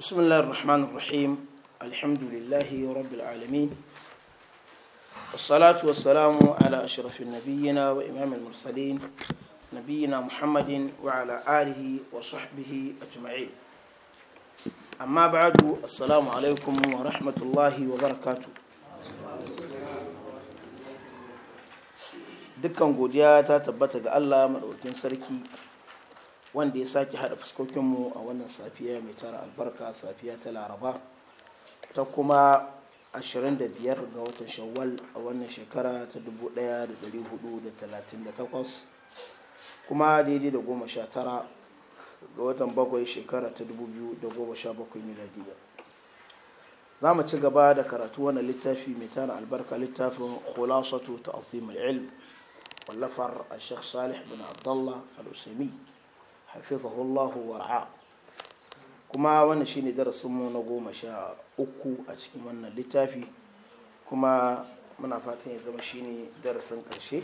بسم الله الرحمن الرحيم الحمد لله رب العالمين والصلاة والسلام على أشرف النبيين وإمام المرسلين نبينا محمد وعلى آله وصحبه أجمعين أما بعد السلام عليكم ورحمة الله وبركاته دكان قوديا تتبتك الله مرؤوكين سركي wanda ya sake haɗa fuskokinmu a wannan safiya mai tara albarka safiya ta laraba ta kuma 25 ga watan shawwal a wannan shekara ta 1438 kuma daidai da goma sha tara ga watan bakwai shekara ta 2017 miladiya za mu ci gaba da karatu wannan littafi mai tara albarka littafin khulasatu ta azimul ilm wallafar a sheikh salih bin Abdallah al-usaimi hafizahullahu war'a kuma wannan shine mu na goma sha uku a cikin wannan littafi kuma muna fatan ya zama shine darasin karshe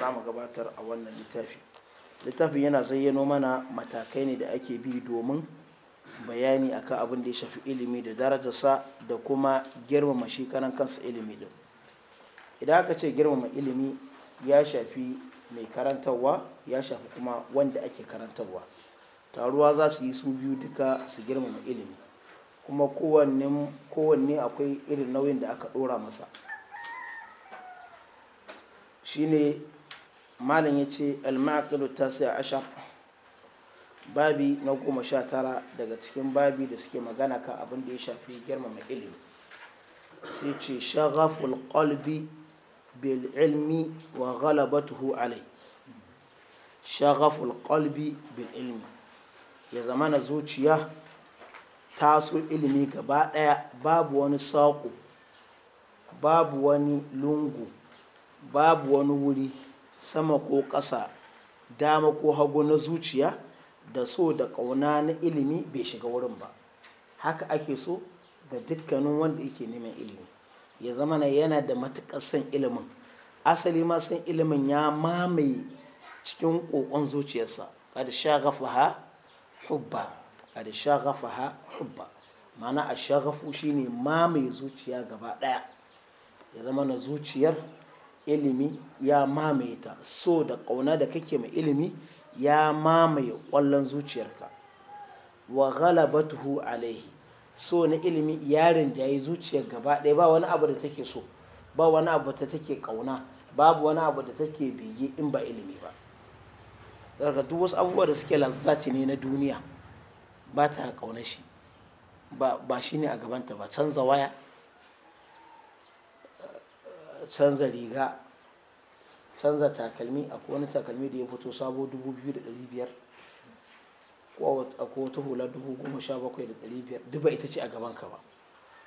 za mu gabatar a wannan littafi littafin yana zayyano mana matakai ne da ake bi domin bayani akan abin da ya shafi ilimi da darajarsa da kuma girmama shi kanan kansa ilimi din idan aka ce girmama ilimi ya shafi mai karantarwa ya shafi kuma wanda ake karantarwa taruwa za su yi su biyu duka su girmama ilimi kuma kowanne akwai irin nauyin da aka ɗora masa shine malam ya ce almaƙilu ta sai ashar babi na goma sha tara daga cikin babi da suke magana ka abin da ya shafi girmama ilimi sai ce shagaful qalbi bil ilmi wa tuhu alai shagaful qalbi bil ilmi ya zama na zuciya taso ilimi gaba ɗaya babu wani saƙo babu wani lungu babu wani wuri sama ko ƙasa dama ko hagu na zuciya da so da ƙauna na ilimi bai shiga wurin ba haka ake so ga dukkanin wanda yake neman ilimi ya zama na yana da matuƙar son ilimin asali ma san ilimin ya mamaye cikin ƙoƙon zuciyarsa kada ha hubba kada ha hubba mana a shagafu shine mamaye zuciya gaba ɗaya ya zama na zuciyar ilimi ya mamaye ta so da ƙauna da kake mai ilimi ya mamaye ƙwallon zuciyarka wa ghalabatuhu alaihi so na ilimi yarin da yayi zuciyar gaba ɗaya ba wani abu da take so ba wani abu da take kauna babu wani abu da take bege in ba ilimi ba daga duk wasu abubuwa da suke lazzaci ne na duniya ba ta kauna shi ba shi ne a gabanta ba canza waya canza riga canza takalmi akwai wani takalmi da ya fito sabo biyar. a wata hula dubu goma sha bakwai da ɗari biyar duk ba ita ce a gaban ka ba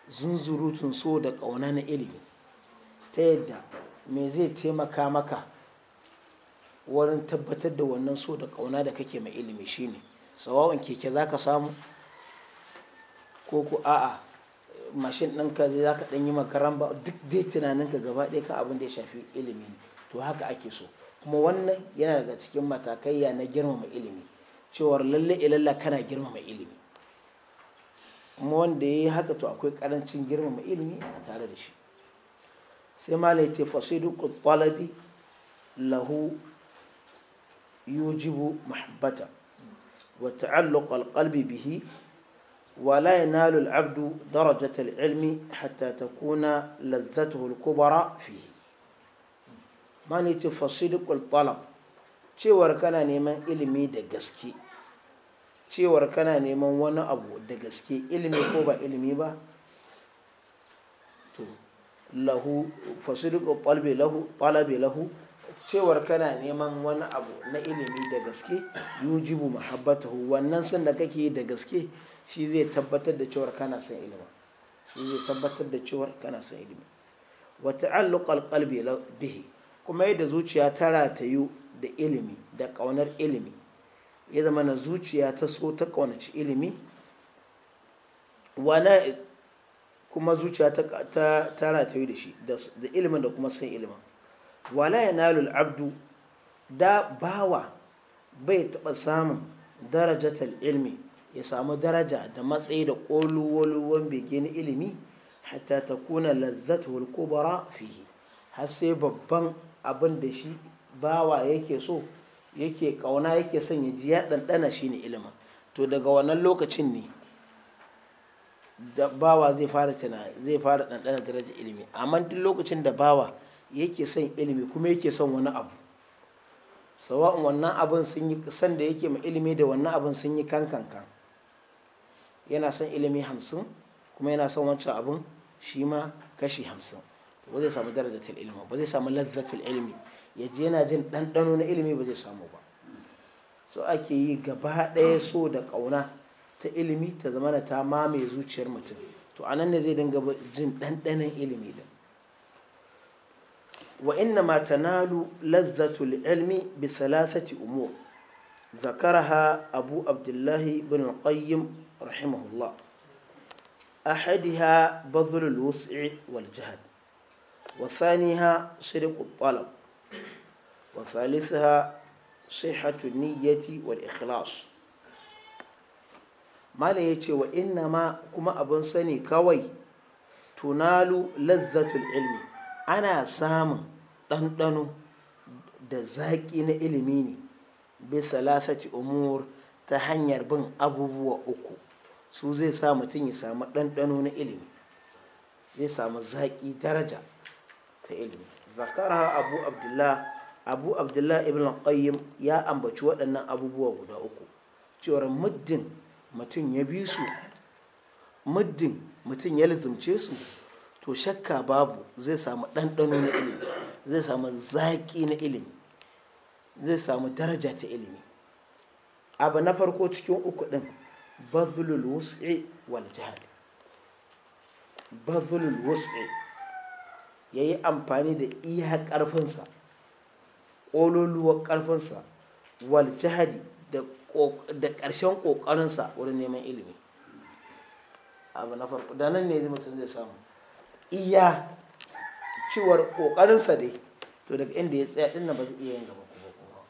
zunzurutun so da ƙauna na ilimi ta yadda me zai taimaka maka wurin tabbatar da wannan so da ƙauna da kake mai ilimi shine sawa'un keke za ka samu ko ku a'a mashin ɗinka zai za ka ɗan yi makaran ba duk dai tunanin ka gaba ɗaya ka abin da ya shafi ilimi ne to haka ake so kuma wannan yana daga cikin matakaiya na girmama ilimi cewar lalle ilalla kana girmama ilimi kuma wanda ya yi haka to akwai karancin girmama ilimi a tare da shi sai mala ya ce fasidu talabi lahu yujibu mahabbata wa ta'alluq alqalbi bihi ولا ينال العبد درجة العلم حتى تكون لذته الكبرى فيه ما نتفصدق الطلب cewar kana neman ilimi da gaske cewar kana neman wani abu da gaske ilimi ko ba ilimi ba to lahu fasiduqu palbe lahu palabe lahu cewar kana neman wani abu na ilimi da gaske yujibu mahabbatahu wannan san da kake da gaske shi zai tabbatar da cewar kana son ilimi shi zai tabbatar da cewar kana san ilimi wa ta'alluq alqalbi bihi kuma yadda zuciya ta ratayu da ilimi da kaunar ilimi ya zama na zuciya ta so ta kaunaci ilimi wana kuma zuciya ta tara ta yi da shi da ilimin da kuma san ilimin wala ya nalul abdu da bawa bai taɓa samun darajatar ilimi ya samu daraja da matsayi da ƙoluwaluwan bege na ilimi hatta ta kuna lazzatu kubara fihi har sai babban abin da shi bawa yake so yake kauna yake son ya ji ya ɗanɗana shi ne ilimin to daga wannan lokacin ne da bawa zai fara tunani zai fara ɗanɗana darajar ilimi amma duk lokacin da bawa yake son ilimi kuma yake son wani abu sawa'un wannan abin sun yi san da yake ma ilimi da wannan abin sun yi kankankan yana son ilimi hamsin kuma yana son wancan abin shi ma kashi hamsin ba zai samu darajar ilimi ba zai samu lazzatul ilimi ya yana jin ɗanɗano na ilimi ba zai samu ba so ake yi gaba ɗaya so da ƙauna ta ilimi ta zama ta mamaye zuciyar mutum to a nan ne zai dinga jin ɗanɗanon ilimi din wa inna ma tanalu lazzatul ilmi bi salasati umur zakaraha abu abdullahi bin qayyim rahimahullah أحدها بذل الوسع والجهد وثانيها شرق الطلب وثالثها صحة النية والإخلاص ما لا wa وإنما كما أبن سني كوي تنال لذة العلم ana samun ɗanɗano da zaƙi na ilimi ne bisa lasaci umur ta hanyar bin abubuwa uku su zai sa mutum ya samu ɗanɗano na ilimi zai samu zaƙi daraja ta ilimi zakara abu abdullah abu abdullahi ibn qayyim ya ambaci waɗannan abubuwa guda uku cewar muddin mutum ya bi su muddin mutum ya lizimce su to shakka babu zai samu ɗanɗano na ilimi zai samu zaƙi na ilimi zai samu daraja ta ilimi abu na farko cikin uku ɗin bazulul wus'i wal jihad bazulul wus'i ya yi amfani da iya ƙarfinsa ƙololuwar ƙarfinsa wal jihadi da ƙarshen ƙoƙarinsa wurin neman ilimi abu na farko da nan ne mutum zai samu iya cewar ƙoƙarinsa dai to daga inda ya tsaya ɗin ba zai iya yin gaba kuma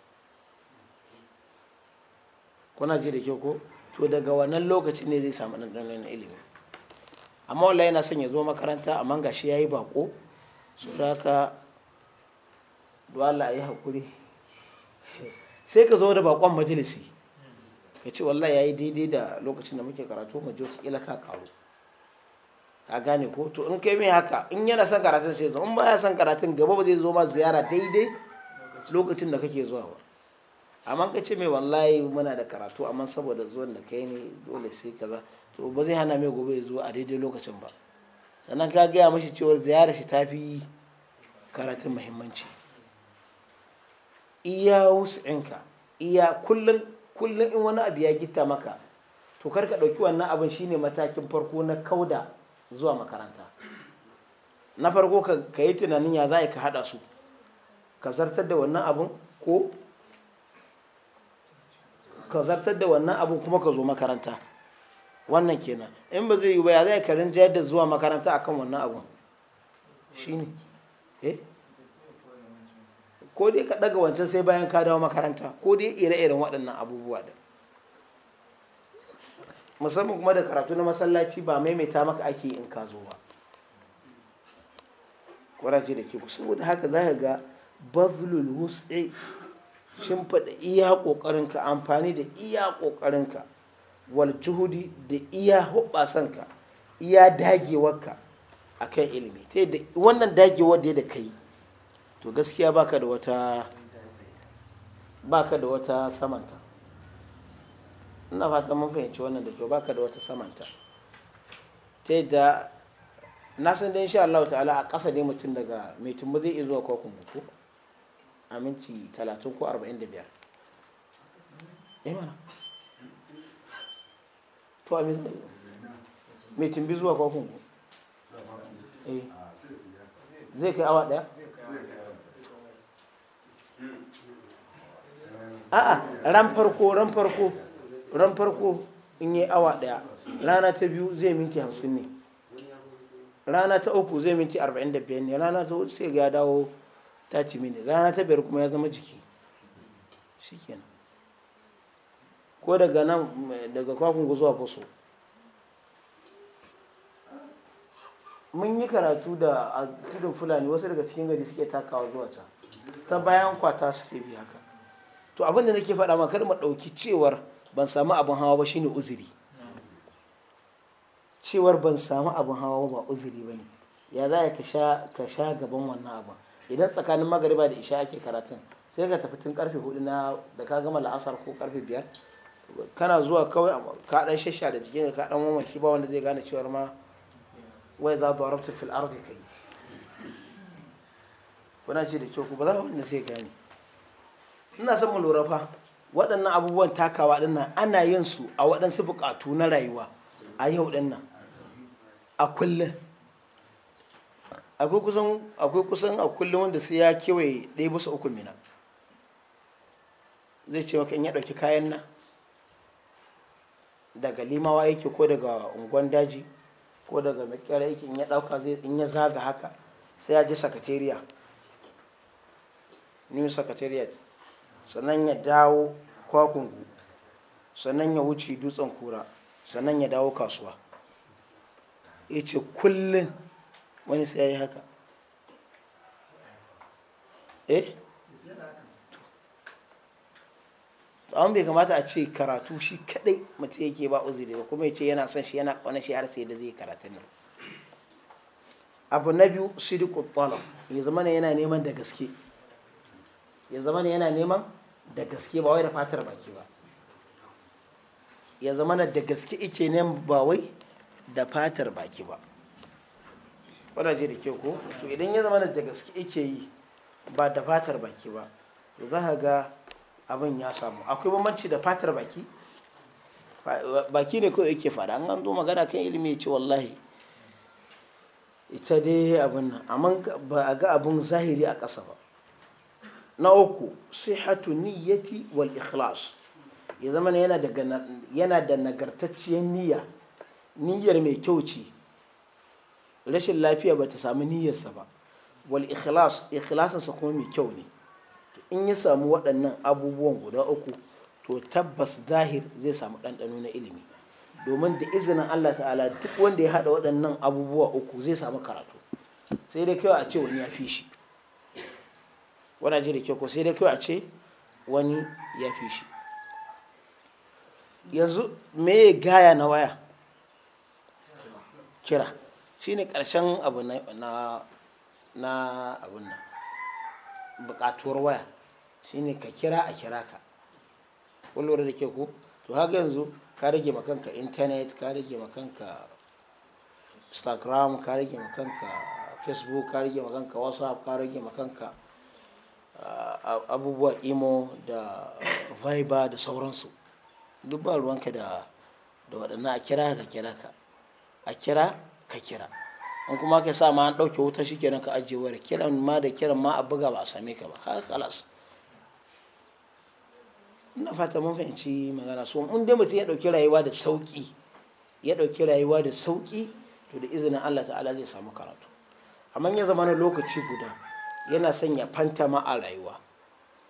kuna ji da kyau ko to daga wannan lokaci ne zai samu ɗan ilimi amma wallahi yana son ya zo makaranta amma gashi ya yi bako suraka. duwala Allah ya hakuri sai ka zo da bakon majalisi ka ce ya yi daidai da lokacin da muke karatu majo su ka karo ka gane ko to in kai mai haka in yana son karatun sai zo in ya son karatun gaba ba zai zo ma ziyara daidai lokacin da kake zuwa ba amma ka ce mai wallahi muna da karatu amma saboda zuwan da kai ne dole sai kaza to ba zai hana mai gobe zuwa a daidai lokacin ba sannan ka gaya mashi cewa ziyara shi ta fi karatun muhimmanci iya wus'inka iya kullum kullum in wani abu ya gita maka to karka ɗauki wannan abin shine matakin farko na kauda zuwa makaranta na farko ka yi tunanin ya za ka haɗa su ka zartar da wannan abin ko ka zartar da wannan abin kuma ka zo makaranta wannan kenan in ba zai yi ba ya zai karin jayar da zuwa makaranta akan wannan abin shine eh ko dai ka ɗaga wancan sai bayan ka dawo makaranta ko dai ire-iren waɗannan abubuwa da musamman kuma da karatu na masallaci ba maimaita maka ake in ka zo ba kwaraje da ke saboda haka za ka ga bazlul wus'i shimfiɗa iya ƙoƙarinka amfani da iya ƙoƙarinka wal juhudi da iya ka iya dagewarka a kan ilimi ta yadda wannan dagewar da ya da kai to gaskiya baka da wata baka da wata samanta ina fata mun fahimci wannan da kyau baka da wata samanta ta yadda na san da insha Allah ta'ala a ƙasa ne mutum daga mai tumbu zai iya zuwa kokon ko a minti 30 ko 45 eh mana to a mai tumbi zuwa kokon ko eh zai kai awa daya a'a ran farko ran farko ran farko in yi awa daya rana ta biyu zai minti hamsin ne rana ta uku zai minti arba'in da biyar ne rana ta hudu sai ga dawo ta cimi ne rana ta biyar kuma ya zama jiki kenan ko daga nan daga kwakungu zuwa faso mun yi karatu da a tudun fulani wasu daga cikin gari suke takawa zuwa can ta bayan kwata suke biya haka to abin da nake faɗa ma kar mu ɗauki cewar ban samu abin hawa ba shine uzuri cewar ban samu abin hawa ba uzuri ba ne ya za ka sha gaban wannan abin idan tsakanin magariba da isha ake karatun sai ka tafi tun karfe hudu na da ka gama la'asar ko karfe biyar kana zuwa kawai a kaɗan shasha da jikin ka dan mamaki ba wanda zai gane cewar ma wai za ta rabta fil ardi kai kuna ce da kyau ku ba za wanda sai gane ina son mu lura fa waɗannan abubuwan takawa nan ana yin su a waɗansu buƙatu na rayuwa a yau ɗin nan a kullum akwai kusan akwai kusan a kullum wanda sai ya kewaye ɗaya bisa uku mina zai ce maka in ya ɗauki kayan nan daga limawa yake ko daga unguwan daji ko daga makera yake in ya ɗauka zai in ya zaga haka sai ya je sakatariya new secretariat sannan ya dawo kwakungu sannan ya wuce dutsen kura sannan ya dawo kasuwa ya ce kullum wani sai ya yi haka eh an bai kamata a ce karatu shi kadai mace yake ba uzuri ba kuma ya ce yana son shi yana kwanan shi har sai da zai karatu nan abu na biyu sidiku talab ya zama yana neman da gaske ya zama yana neman da gaske ba wai da fatar baki ba ya zama da gaske ike neman ba wai da fatar baki ba je da ke ko to idan ya zama da gaske ike yi ba da fatar baki ba za ka ga abin ya samu akwai bambanci da fatar baki baki ne kawai yake fada an an magana kan ilimi ce wallahi ita dai abin nan amma ba a ga abin zahiri a ƙasa ba na uku sihatu niyyati wal ikhlas ya zama yana da yana da nagartacciyar niyya niyyar mai kyau ce rashin lafiya ba ta samu niyyarsa ba wal ikhlas ikhlasinsa kuma mai kyau ne in ya samu waɗannan abubuwan guda uku to tabbas zahir zai samu ɗanɗano na ilimi domin da izinin Allah ta'ala duk wanda ya haɗa waɗannan abubuwa uku zai samu karatu sai dai kawai a ce wani ya fi shi wana ji da kyau ko sai dai kawai a ce wani ya fi shi yanzu me gaya na waya kira shine karshen abu na na abun nan bukatuwar waya shine ka kira a kira ka kullum da ke ko to haka yanzu ka rage makanka intanet ka rage makanka instagram ka rage makanka facebook ka rage makanka whatsapp ka rage makanka abubuwa imo da viber da sauransu duk ba ruwanka da da waɗannan a kira ka kira ka a kira ka kira in kuma ka sa ma an ɗauke wuta shi kenan ka ajiye wayar kiran ma da kiran ma a buga ba a same ka ba haka kalas ina fata mun fahimci magana so in dai mutum ya ɗauki rayuwa da sauƙi ya ɗauki rayuwa da sauƙi to da izinin Allah ta'ala zai samu karatu amma ya zama na lokaci guda yana son ya fantama a rayuwa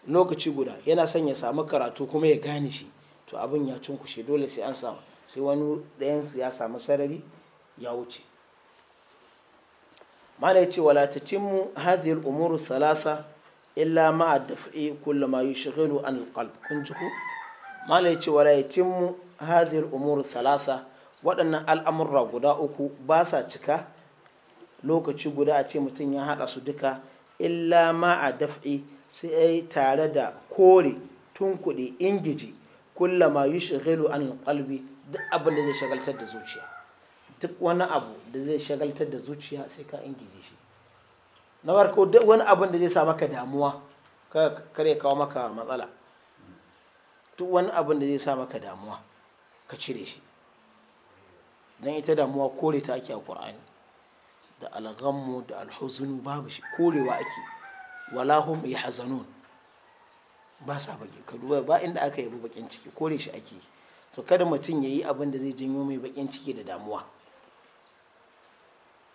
lokaci guda yana son ya samu karatu kuma ya gane shi to abin ya cunkushe dole sai an samu sai wani ɗayan ya samu sarari ya wuce mala yace wala tatimmu hadhihi al-umuru thalatha illa ma'a daf'i kullu ma yushghilu an al-qalb kun ji ko mala yace wala yatimmu umuru thalatha waɗannan al'amurra guda uku ba sa cika lokaci guda a ce mutum ya haɗa su duka illa ma a daf'i sai tare da kore tunkuɗe ingiji yi shigilu an kalbi duk abin da zai shagaltar da zuciya duk wani abu da zai shagaltar da zuciya sai ka ingiji shi na farko duk wani abin da zai sa maka damuwa kare kawo maka matsala duk wani abin da zai sa maka damuwa ka cire shi don ita damuwa kore ta ake a ƙur'ani da alghammu da alhuzunu babu shi korewa ake wala hum yahzanun ba sa baki ka duba ba inda aka yi bakin ciki kore shi ake to kada mutum ya yi abin da zai janyo mai bakin ciki da damuwa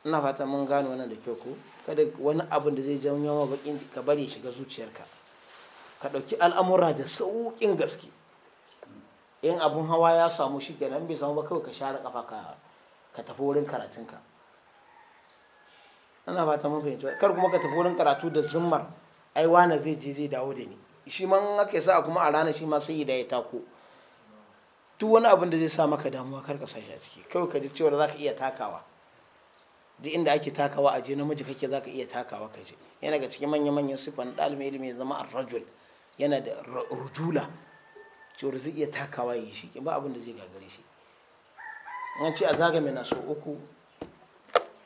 ina fata mun gano wannan da kyau ko kada wani abin da zai janyo mai bakin ciki ka bari shiga zuciyarka ka ɗauki al'amura da sauƙin gaske in abin hawa ya samu shi kenan bai samu ba kawai ka share kafa ka tafi wurin karatunka ana fata mafi kar kuma ka tafi wurin karatu da zummar ai wane zai je zai dawo da ni shi ma ake sa kuma a rana shi ma sai da ya tako duk wani abin da zai sa maka damuwa kar ka sashi a ciki kawai ka ji cewa za ka iya takawa duk inda ake takawa a je namiji kake za ka iya takawa ka je yana ga cikin manya-manyan siffan ɗalibin ilimi ya zama arrajul yana da rujula cewar zai iya takawa ya yi shi ba abin da zai gagare shi an a zagame na so uku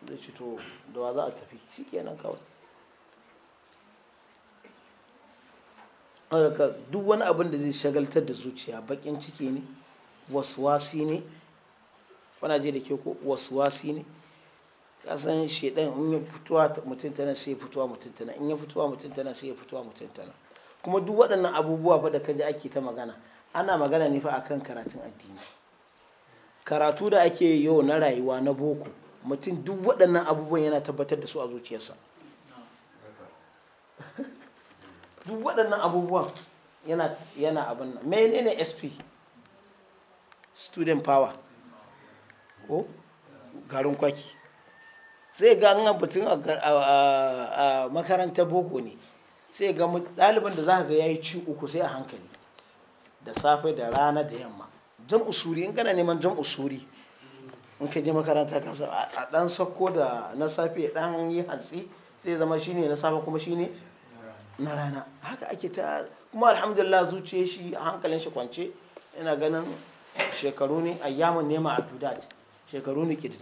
zai ci to da wa za a tafi shi kenan kawai haka duk wani abin da zai shagaltar da zuciya bakin ciki ne waswasi ne wana je da ke ko waswasi ne kasan shaidan in ya fitowa mutum tana sai ya fitowa mutum tana in ya fitowa mutum tana sai ya fitowa mutum tana kuma duk waɗannan abubuwa fa da kaji ake ta magana ana magana ne fa akan karatun addini karatu da ake yau na rayuwa na boko mutum duk waɗannan abubuwan yana tabbatar da su a zuciyarsa duk waɗannan abubuwan yana yana abin nan ne sp student power ko garin kwaki sai ga an abutun a makarantar boko ne sai ga ɗaliban da za ka ga ya yi ci uku sai a hankali da safe da rana da yamma jan usuri in gana neman jan usuri in ka je makaranta ka a dan sako da na safe dan yi hatsi sai zama shine na safe kuma shine na rana haka ake ta kuma alhamdulillah zuciya shi a hankalin shi kwance ina ganin shekaru ne ayyaman nema a dudat shekaru ne ke da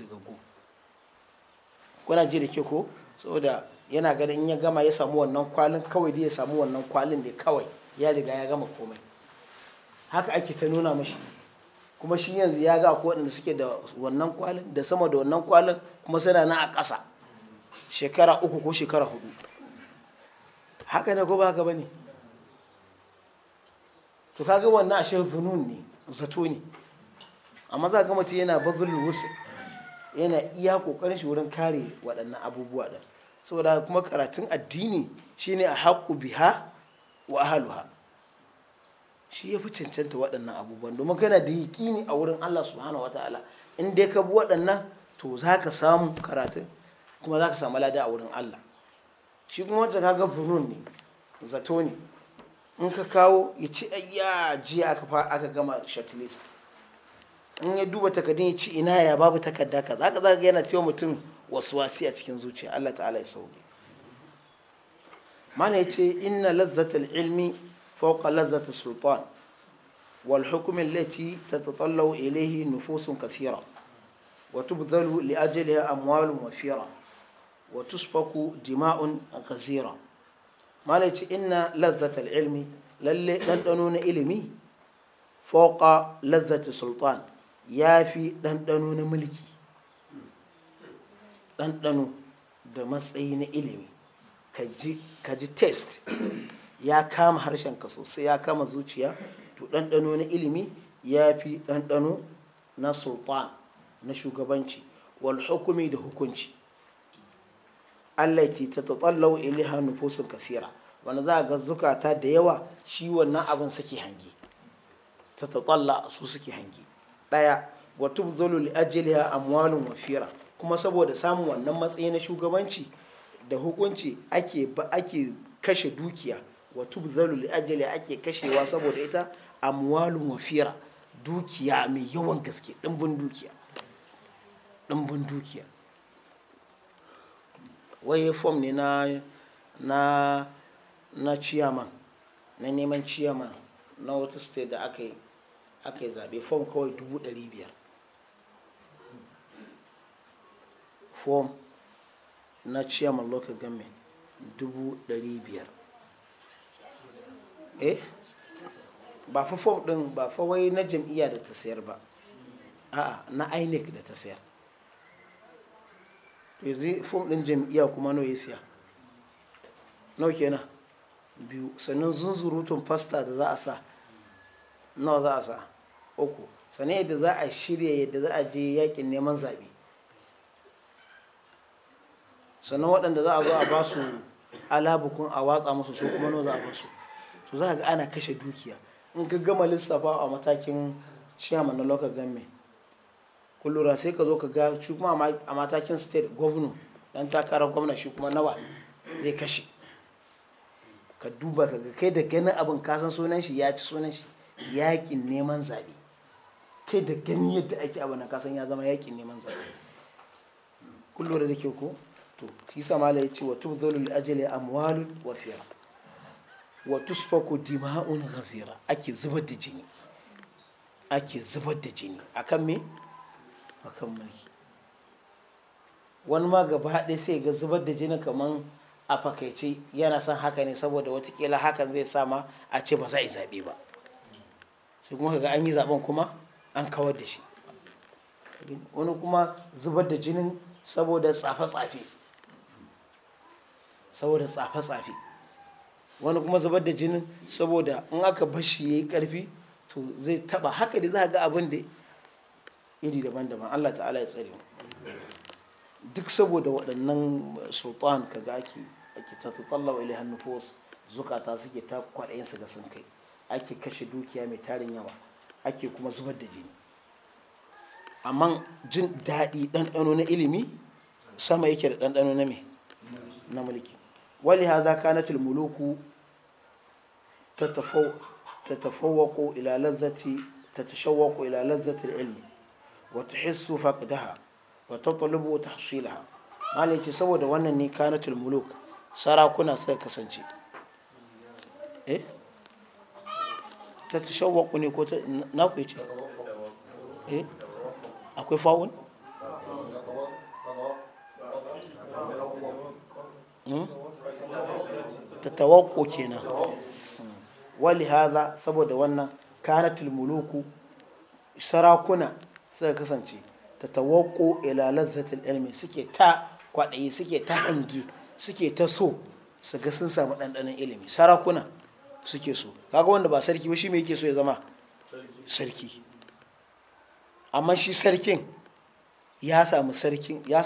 kuna ji da ke ko saboda yana ganin in ya gama ya samu wannan kwalin kawai da ya samu wannan kwalin ne kawai ya riga ya gama komai haka ake ta nuna mashi kuma shi yanzu ya ga akwai waɗanda suke da wannan kwalin da sama da wannan kwalin kuma suna na a ƙasa shekara uku ko shekara hudu haka ne ko ba haka ba ne to kaga wannan ashe funun ne zato ne amma za ga yana bazul wusu yana iya kokarin shi wurin kare waɗannan abubuwa ɗin saboda kuma karatun addini shine a haƙu biha wa ahaluha shi ya fi cancanta waɗannan abubuwan domin kana da yaƙini a wurin Allah subhanahu wa ta'ala in dai ka bi waɗannan to za ka samu karatun kuma za ka samu lada a wurin Allah shi kuma wanda ka ga furun ne zato ne in ka kawo ya ci ayya jiya aka gama shortlist in ya duba takardun ya ci ina ya babu takarda ka za ka za ka yana cewa mutum wasi a cikin zuciya Allah ta'ala ya sauke mana ya ce inna lazzatal ilmi فوق لذة السلطان والحكم التي تتطلع إليه نفوس كثيرة وتبذل لأجلها أموال وفيرة وتسفك دماء غزيرة ما إن لذة العلم لندنون إلمي فوق لذة السلطان يافي لندنون ملكي لندنون da matsayi na ilimi ka ji test ya kama harshenka sosai ya kama zuciya to ɗanɗano na ilimi ya fi ɗanɗano na sultan na shugabanci wal hukumi da hukunci Allah ke ta tsallau iliha nufusun kasira wanda za a ga zukata da yawa shi wannan abin suke hangi ta tsalla su suke hangi ɗaya wa tubzalu li a wafira kuma saboda samun wannan matsayi na shugabanci da hukunci ake kashe dukiya wa tubzalu li ajali ake kashewa saboda ita amwalu mafira dukiya mai yawan gaske dimbin dukiya dimbin dukiya waye form ne na na na chairman na neman chairman na wata state da aka yi aka yi zaɓe form kawai dubu ɗari biyar form na chairman local government dubu ɗari biyar eh ba fa fom din ba fa wai na jam'iyya da ta sayar ba a'a na INEC da ta sayar to yanzu fom din jam'iyya kuma nawa ya siya nawa kenan biyu sannan zunzurutun fasta da za a sa nawa za a sa uku sannan yadda za a shirya yadda za a je yakin neman zaɓe sannan waɗanda za a zo a ba su alabukun a watsa musu su kuma nawa za a ba su to za ga ana kashe dukiya in ka gama lissafa a matakin shiyama na local government kun lura sai ka zo ka ga shi kuma a matakin state governor dan takarar gwamna shi kuma nawa zai kashe ka duba ka ga kai da ganin abin kasan sunan shi ya ci sunan shi yakin neman zaɓe kai da ganin yadda ake abin nan kasan ya zama yakin neman zaɓe kun lura da ke ko to shi sa mala ya ce wa tubdhulul ajali amwalun wa fiya wa tusfaku dima'un ghazira ake zubar da jini ake zubar da jini akan me akan mulki wani ma gaba ɗaya sai ga zubar da jini kaman a fakaice yana son haka ne saboda watakila hakan zai sama a ce ba za a zaɓe ba sai kuma ga an yi zaɓen kuma an kawar da shi wani kuma zubar da jinin saboda tsafe-tsafe saboda tsafe-tsafe wani kuma zubar da jinin saboda in aka bashi ya yi karfi to zai taba haka da za ga abin da iri daban-daban Allah ta'ala ya tsare duk saboda waɗannan sultan ga ake ake ta tsallawa ilai hannu fos zukata suke ta kwaɗayin su ga sun kai ake kashe dukiya mai tarin yawa ake kuma zubar da jini amma jin daɗi ɗanɗano na ilimi sama yake da ɗanɗano na mulki wali haza kanatul muluku tatafawwaqu ila ladhati tatashawwaqu ila ladhati al-ilm wa tahissu faqdaha wa tatlubu tahsilaha malai ce saboda wannan ne kanatul muluk sarakuna suka kasance na ku ce ta tawakko kenan wali haza saboda wannan kana tilmuluku sarakuna suka kasance ta tawakko ilalar zatil ilmi suke ta kwaɗayi suke ta hangi suke ta so su ga sun samu ɗanɗanon ilimi sarakuna suke so kaga wanda ba sarki ba shi mai yake so ya zama sarki amma shi sarkin ya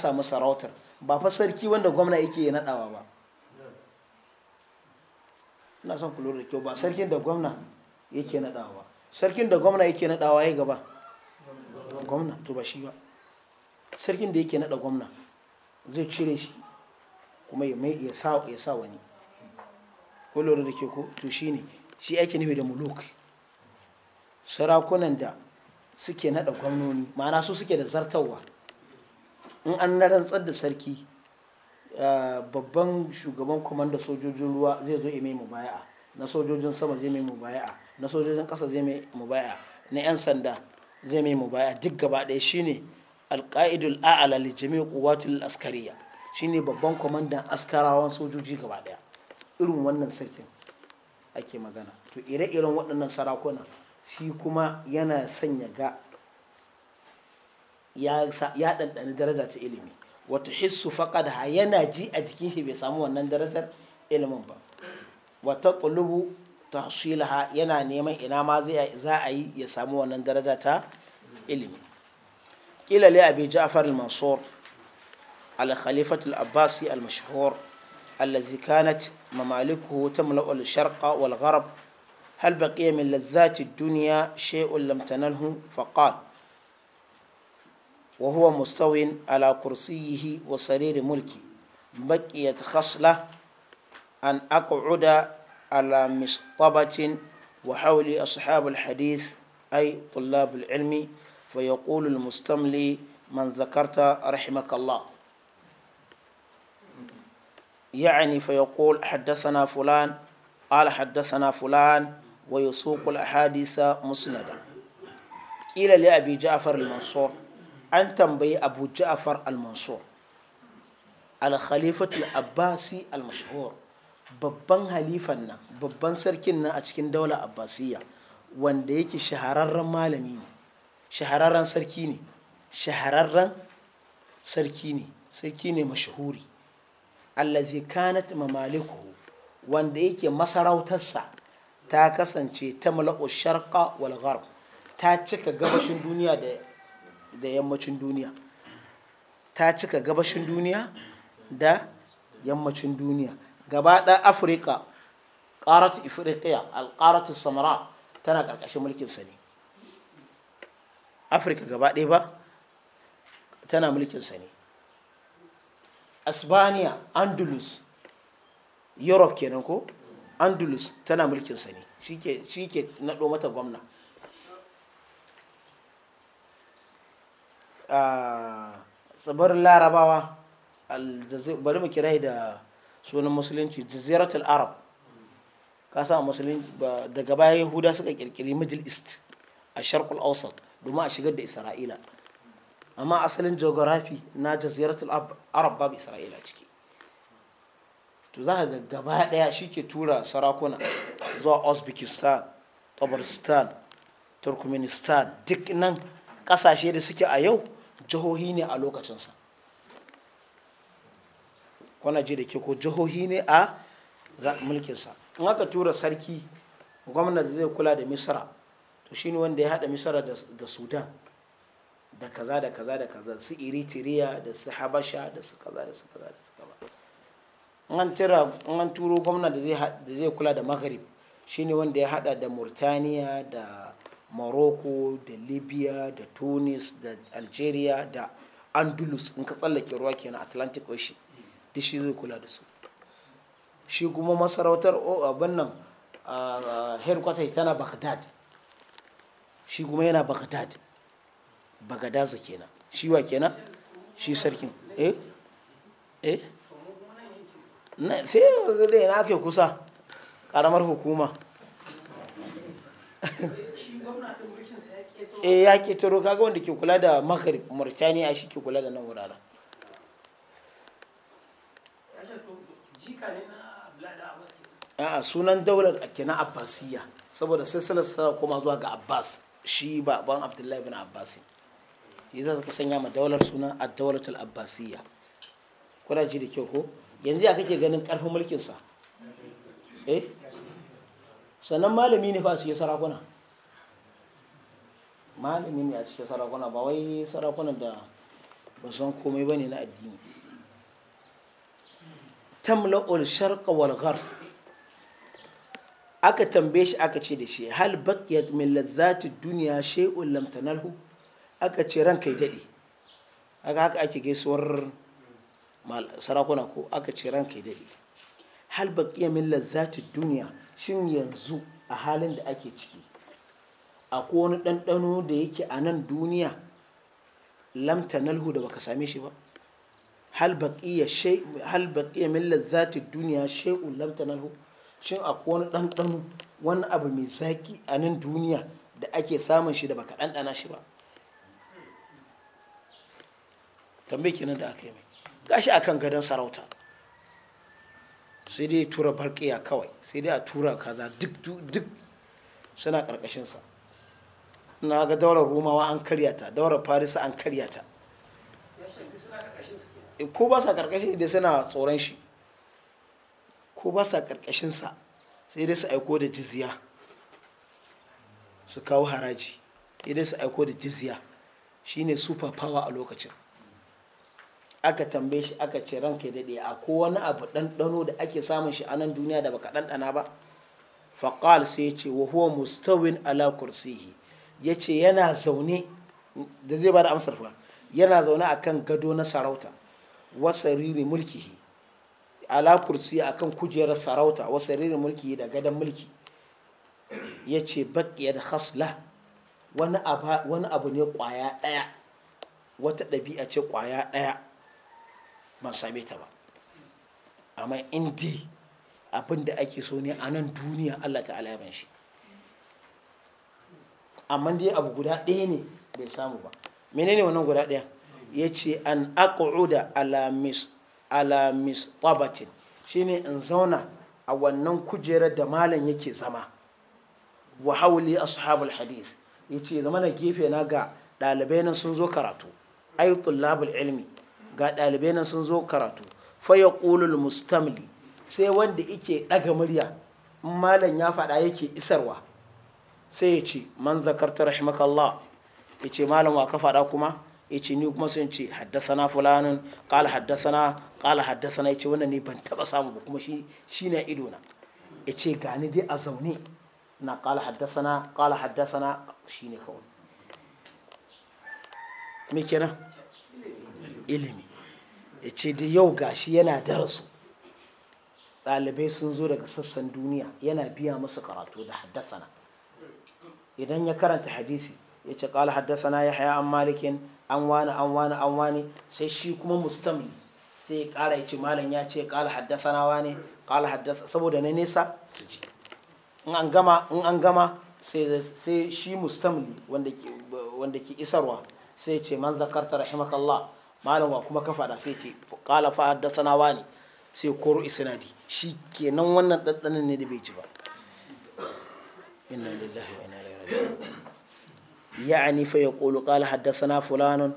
samu sarautar ba fa sarki wanda gwamna yake ya naɗawa ba ina son ku lura da kyau ba sarkin da gwamna yake nadawa sarkin da gwamna yake nadawa ya gaba gwamna to ba shi ba sarkin da yake nada gwamna zai cire shi kuma ya mai ya sa ya sa wani ko lura da ke ko to shi ne, shi ake nufi da muluk sarakunan da suke nada gwamnoni ma'ana su suke da zartawa in an na rantsar da sarki Eh, babban shugaban kwamanda sojojin ruwa zai zo ime mu baya na sojojin sama zai mai mu baya na sojojin ƙasa zai mai mu baya na 'yan sanda zai mai mu baya duk gaba ɗaya shine alƙa'idul a'ala li jami'i quwwatil askariya shine babban kwamandan askarawan sojoji gaba ɗaya irin wannan sakin ake magana to ire-iren waɗannan sarakuna shi kuma yana sanya ga ya ɗanɗani daraja ta ilimi وتحس فقد عينا جي أدكيش بسامو النندرتر إلى منبا وتطلب تحصيلها ينا نيما ما زي زاي يسامو النندرتا إلمي إلى لأبي جعفر المنصور على خليفة الأباسي المشهور الذي كانت ممالكه تملأ الشرق والغرب هل بقي من لذات الدنيا شيء لم تنله فقال وهو مستو على كرسيه وسرير ملكي بقيت خصلة أن أقعد على مصطبة وحولي أصحاب الحديث أي طلاب العلم فيقول المستملي من ذكرت رحمك الله يعني فيقول حدثنا فلان قال حدثنا فلان ويسوق الأحاديث مسندا قيل لأبي جعفر المنصور an tambayi abu ja'far al-mansur al-khalifatul abbasi al-mashhur babban halifan nan babban sarkin nan a cikin daular abbasiyya wanda yake shahararren malami ne shahararren sarki ne shahararren sarki ne sarki ne mashahuri allazi kanat mamalikuhu wanda yake masarautarsa ta kasance ta mala'u sharqa wal gharb ta cika gabashin duniya da da yammacin duniya ta cika gabashin duniya da yammacin duniya gaba ɗan afirka ƙaratu ifirkiya alƙaratu samara tana ƙarƙashin mulkinsa ne afirka gaba ɗaya ba tana mulkinsa ne asbaniya andalus europe kenan ko andalus tana mulkinsa ne shi ke naɗo mata gwamna a tsibirin larabawa bari mu kira da sunan musulunci jaziratul arab ka sa musulunci daga baya yahuda suka kirkiri middle east a sharkul ausat domin a shigar da isra'ila amma asalin geography na jaziratul arab babu isra'ila ciki to za ka ga gaba daya shi ke tura sarakuna zuwa uzbekistan tabaristan turkmenistan duk nan kasashe da suke a yau jihohi ne a lokacinsa kwana ji da ke ko jihohi ne a mulkinsa in aka tura sarki gwamnan da zai kula da misra to shi wanda ya haɗa misra da sudan da kaza da kaza da kaza su eritrea da su habasha da su kaza da su kaza da su kaza in an turo gwamnan da zai kula da maghrib shi wanda ya haɗa da murtaniya da morocco da libya da tunis da algeria da andalus in ka tsallake ruwa kenan atlantic ocean duk shi zai kula da su shi kuma masarautar abin nan herkwata tana baghdad shi kuma yana bagdad bagadaza kenan shi wa kenan shi sarkin eh eh sai yanzu da yana ake kusa karamar hukuma eh ya turo kaga wanda ke kula da maghrib a shi ke kula da nan wurare. a'a sunan daular ake na abbasiyya saboda salasa sa koma zuwa ga abbas shi ba ban abdullahi bin abbas yi za su sanya ma daular suna a daulatul abbasiyya kuna ji da kyau ko yanzu ya kake ganin karfin mulkinsa eh sannan malami ne fa su yi sarakuna malami ne a cikin sarakuna ba wai sarakunan da ba san komai ba ne na addini tamla'ul sharqa wal gharb aka tambaye shi aka ce da shi hal baqiyat min ladzati dunya shay'un lam tanalhu aka ce ran kai dade aka haka ake gaisuwar sarakuna ko aka ce ran kai dade hal baqiya min ladzati dunya shin yanzu a halin da ake ciki akwai wani ɗanɗano da yake a nan duniya lamta nalhu da baka same shi ba hal baƙiya millar zati duniya shay'un lamta nalhu shin akwai wani ɗanɗano wani abu mai zaki a nan duniya da ake samun shi da baka ɗanɗana shi ba tambayi kenan da aka yi mai gashi akan gadon sarauta sai dai tura barkiya kawai sai dai a tura kaza duk suna ƙarƙashinsa na ga daular rumawa an karya ta daular farisa an karya ta ko ba sa karkashin da suna tsoron shi ko ba sa sa sai dai su aiko da jizya su kawo haraji idan su aiko da jizya shine super power a lokacin aka tambaye shi aka ce ranka ya daɗe a ko wani abu ɗanɗano da ake samun shi a nan duniya da baka ɗanɗana ba faƙal sai ya ce wa huwa mustawin ala kursihi ya ce yana zaune da zai ba da amsar fa yana zaune a kan gado na sarauta riri mulkihi ala kursi a kan kujerar sarauta riri mulkihi da gadon mulki ya ce baƙiyar hasla wani abu ne kwaya daya wata ɗabi'a ce kwaya daya ban same ta ba amma indi abin da ake so ne a nan duniya allah ta'ala ya ban shi amma dai abu guda ɗaya ne bai samu ba menene wannan guda ɗaya ya ce an aka ala mis ala shine in zauna a wannan kujerar da malam yake zama wa hauli ashabul hadith ce zama na gefe na ga ɗalibai nan sun zo karatu ai tullabul ilmi ga ɗalibai nan sun zo karatu fa ƙulul mustamli sai wanda ike ɗaga murya in malam ya faɗa yake isarwa sai ya ce man zakarta rahimakallah ya ce malam wa ka faɗa kuma ya ce ni kuma sun ce haddasana fulanun ƙala haddasana ƙala haddasana ya ce wannan ne ban taɓa samu ba kuma shi na ido na ya ce gani dai a zaune na ƙala haddasana ƙala haddasana shi ne kawai me kenan ilimi ya ce da yau gashi yana darasu ɗalibai sun zo daga sassan duniya yana biya musu karatu da haddasana idan ya karanta hadisi ya ce na ya haya an malikin an wani an wani an wani sai shi kuma mustamli sai ya kara ya ce malam ya ce kala haddasa na wani kala haddasa saboda na nesa su ji in an gama in an gama sai shi mustamli wanda ke isarwa sai ce man zakarta rahimakallah malam wa kuma ka faɗa sai ce kala fa na wani sai koro isnadi shi kenan wannan ɗanɗanan ne da bai ji ba inna lillahi wa inna يعني فيقول قال حدثنا فلان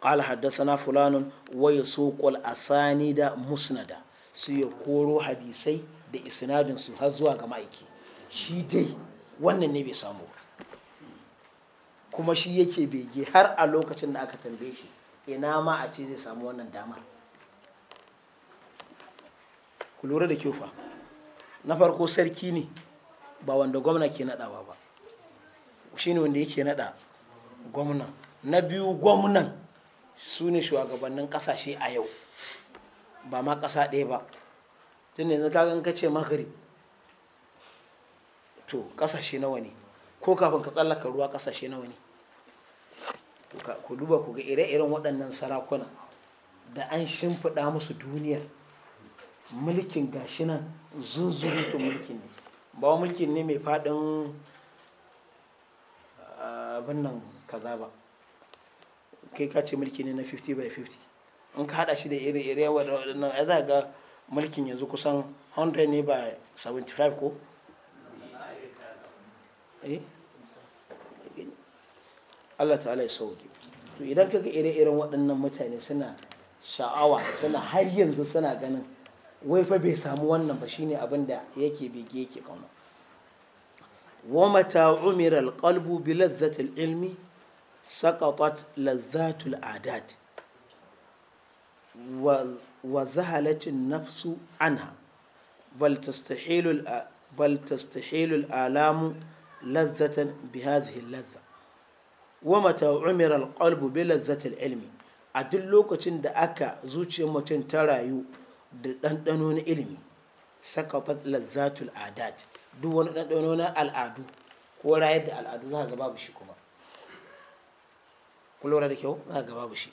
قال حدثنا فلان ويسوق الأسانيد مسندا سيقول حديثي da isnadin su har zuwa ga ma'aiki shi dai wannan ne bai samu kuma shi yake bege har a lokacin da aka tambaye shi ina ma a ce zai samu wannan damar ku lura da kyau fa na farko sarki ne ba wanda gwamna ke naɗawa ba shine wanda yake nada gwamnan na biyu gwamnan su ne shugabannin kasashe a yau ba ma kasa ɗaya ba tun yanzu kagan ka ce maghrib to kasashe nawa ne ko kafin ka tsallaka ruwa kasashe nawa ne ku duba ku ga ire-iren waɗannan sarakuna da an shimfiɗa musu duniyar mulkin gashi nan zunzurutun mulkin ne ba mulkin ne mai faɗin abin nan kaza ba kai ka ce mulki ne na 50 by 50 in ka hada shi da iri iri waɗannan ai za ga mulkin yanzu kusan 100 ne by 75 ko eh? Allah ta'ala ya sauke to idan kaga ire-iren waɗannan mutane suna sha'awa suna har yanzu suna ganin wai fa bai samu wannan ba shine abin da yake bege yake kauna ومتى عمر القلب بلذة العلم سقطت لذات العادات وذهلت النفس عنها بل تستحيل بل تستحيل الآلام لذة بهذه اللذة ومتى عمر القلب بلذة العلم أدل لوكتين دا أكا زوجي متن ترايو دندنون علمي سقطت لذات العادات duk wani ɗanɗano na al'adu ko rayar da al'adu za a ga babu shi kuma ku lura da kyau za a ga babu shi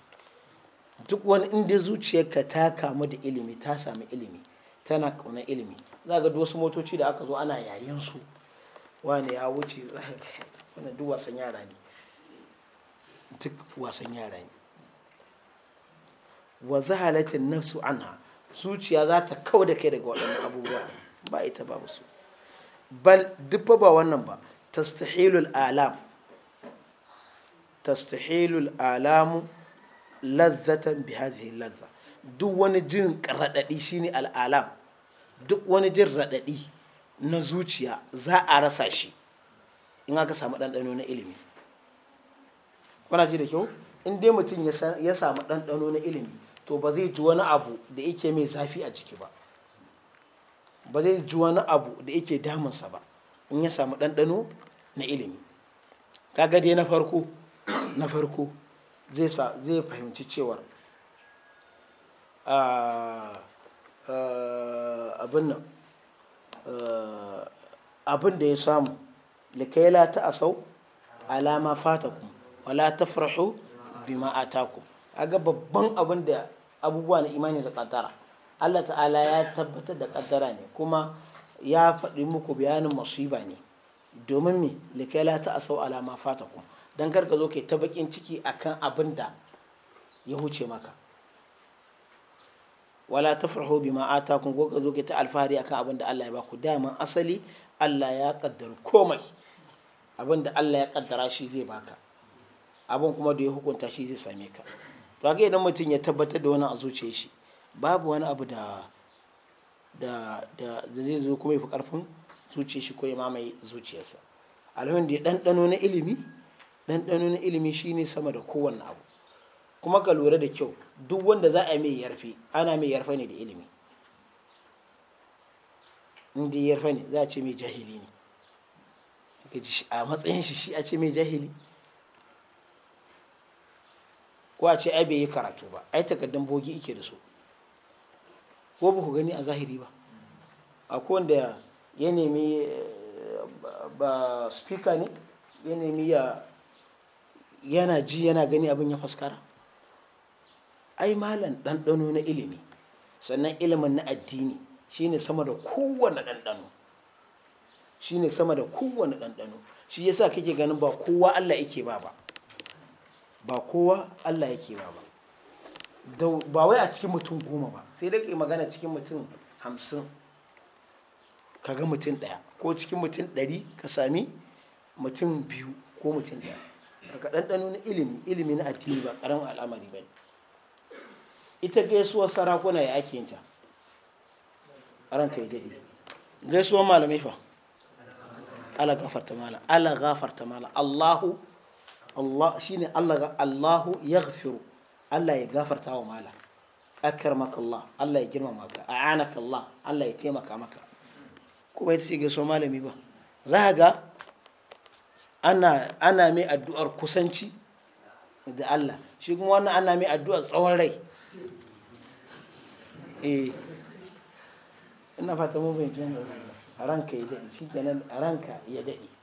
duk wani inda zuciyarka ta kamu da ilimi ta sami ilimi tana kauna ilimi za ga wasu motoci da aka zo ana yayin su wani ya wuce wani duk wasan yara ne duk wasan yara ne wa zahalatin nafsu anha zuciya za ta kau da kai daga waɗannan abubuwa ba ita babu su bal duk ba wannan ba tastahilul alam tastahilul alamu lazzatan bi hadhihi lazza duk wani jin radadi shine al'alam duk wani jin radadi na zuciya za a rasa shi in aka samu ɗanɗano na ilimi kuna ji da kyau in dai mutum ya samu ɗanɗano na ilimi to ba zai ji wani abu da yake mai zafi a jiki ba ba zai ji wani abu da yake damunsa ba in ya samu ɗanɗano na ilimi ta dai na farko na farko zai fahimci cewar ah, ah, ah, abin da ya samu likaila ta asau alama ku wala ta tafrahu bima a ga babban abin da abubuwa na imani da tsantara Allah ta'ala ya tabbatar da kaddara ne kuma ya faɗi muku bayanin masiba ne domin me likaila ta asau alama fatakum dan karka zo kai ta bakin ciki akan abin da ya huce maka wala tafrahu bima atakum ko ka zo kai ta alfahari akan abin da Allah ya baku daman asali Allah ya kaddara komai abin da Allah ya kaddara shi zai baka abin kuma da ya hukunta shi zai same ka to ga idan mutum ya tabbatar da wani a zuciyar shi babu wani abu da zai zo kuma yafi karfin zuciyar shi ko ya mamaye zuciyarsa alhamdu da ɗanɗano na ilimi ɗanɗano na ilimi shine sama da kowanne abu kuma ka lura da kyau duk wanda za a mai yarfe ana mai yarfe ne da ilimi inda yarfe ne za a ce mai jahili ne a matsayin shi shi a ce mai jahili ko a ce ai bai yi karatu ba ai takardun bogi ike da su ko ba ku gani a zahiri ba a wanda ya nemi ba speaker ne ya nemi ya yana ji yana gani abin ya faskara ai malam ɗanɗano na ilimi sannan ilimin na addini shine sama da kowane ɗanɗano shine sama da kowane ɗanɗano shi yasa kake ganin ba kowa Allah yake ba ba ba kowa Allah yake ba ba ba wai a cikin mutum goma ba sai dai kai magana cikin mutum hamsin ka ga mutum ɗaya ko cikin mutum ɗari ka sami mutum biyu ko mutum ɗaya daga ɗanɗano na ilimi ilimi na addini ba ƙaramin al'amari ba ita gaisuwar sarakuna ya ake yinta ranka ya daɗi gaisuwar malamai fa ala gafarta mala ala gafarta mala allahu allah shine allah allahu yaghfiru Allah ya gafarta wa mala maka Allah Allah ya girmama ka a'anaka Allah Allah ya taimaka maka ko bai tsige so malami ba za ga ana ana mai addu'ar kusanci da Allah shi kuma wannan ana mai addu'ar tsawon rai eh ina fata mun jin ranka ya dadi shi kenan ranka ya daɗe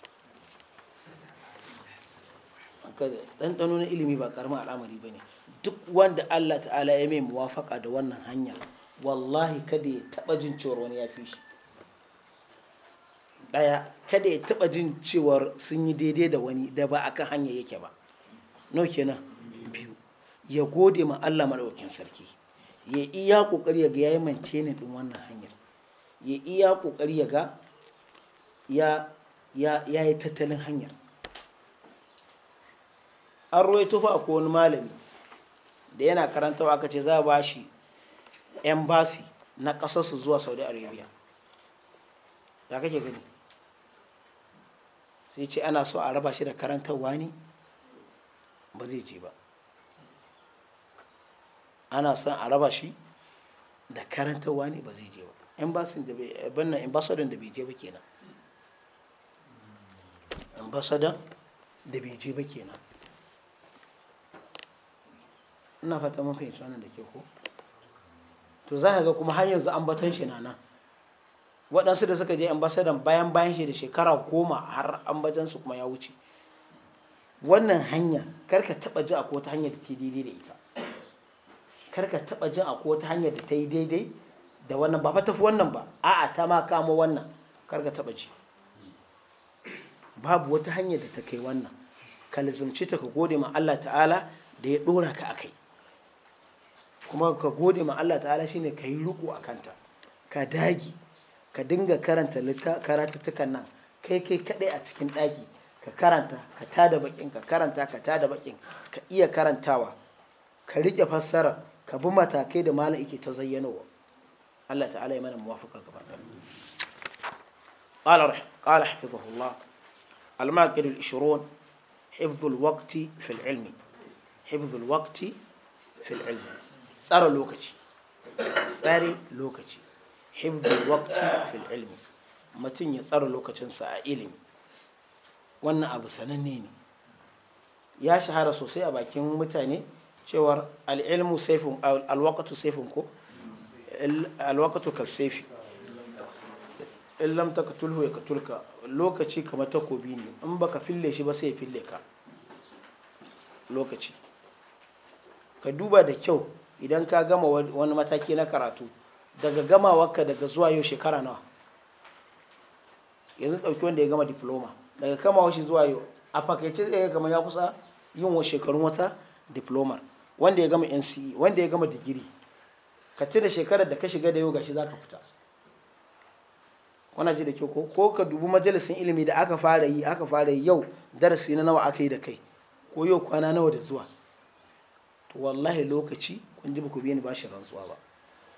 ɗanɗano na ilimi ba ƙaramin al'amari ba ne duk wanda Allah ta'ala ya mai muwafaka da wannan hanya wallahi kada ya taba jin cewar wani ya fi shi daya kada ya taba jin cewar sun yi daidai da wani da ba akan hanya yake ba no kenan biyu ya gode ma Allah madaukakin sarki ya iya kokari ya ga yayi ne din wannan hanyar ya iya kokari ya ga ya ya tattalin hanyar an ruwaito fa ko wani malami da yana karantawa aka ce za a ba shi embassy na kasarsu zuwa saudi arabia ya kake gani sai ce ana so a raba shi da karantarwa ne ba zai je ba ana son a raba shi da karantarwa ne ba zai je ba embassador da bai je ba kenan ambassador da bai je ba kenan ina fata mun fahimci wannan da ke ko to za ka ga kuma har yanzu batan shi na nan waɗansu da suka je ambasadan bayan bayan shi da shekara goma har an batan su kuma ya wuce wannan hanya karka taɓa ji a ko ta da ta daidai da ita karka taɓa jin a ko ta da ta yi daidai da wannan ba fa fi wannan ba a'a ta ma kama wannan karka taɓa ji babu wata hanya da ta kai wannan ka lizimci ta ka gode ma Allah ta'ala da ya ɗora ka akai kuma ka gode ma Allah ta'ala shi ne ka yi riko a kanta ka dagi ka dinga karanta karatuttukan nan kai kai kadai a cikin daki ka karanta ka ta da bakin ka karanta ka ta da bakin ka iya karantawa ka rike fassara ka bi matakai da malam yake ta zayyanowa Allah ta'ala ya mana muwafaka gaba ɗaya قال قال حفظه الله الماكر العشرون حفظ الوقت في العلم حفظ الوقت في العلم tsara lokaci tsari lokaci Hibdu waqti fil ilmi mutum ya tsara lokacinsa a ilimi wannan abu sananne ne ya shahara sosai a bakin mutane cewar al'ilmu saifin alwakatu saifin ko alwakatu ka saifi illam ta katulhu ya lokaci kamar takobi ne in baka fille shi ba sai ya fille ka lokaci ka duba da kyau idan ka gama wani mataki na karatu daga gamawarka daga zuwa yau shekara nawa yanzu ɗauki wanda ya gama diploma daga kama shi zuwa yau a fakaice zai gama ya kusa yin wa shekarun wata diploma wanda ya gama nce wanda ya gama digiri ka tuna shekarar da ka shiga da yau gashi za ka fita wana ji da kyau ko ko ka dubi majalisin ilimi da aka fara yi aka fara yi yau darasi na nawa aka yi da kai ko yau kwana nawa da zuwa to wallahi lokaci kun ji ba ni bashin rantsuwa ba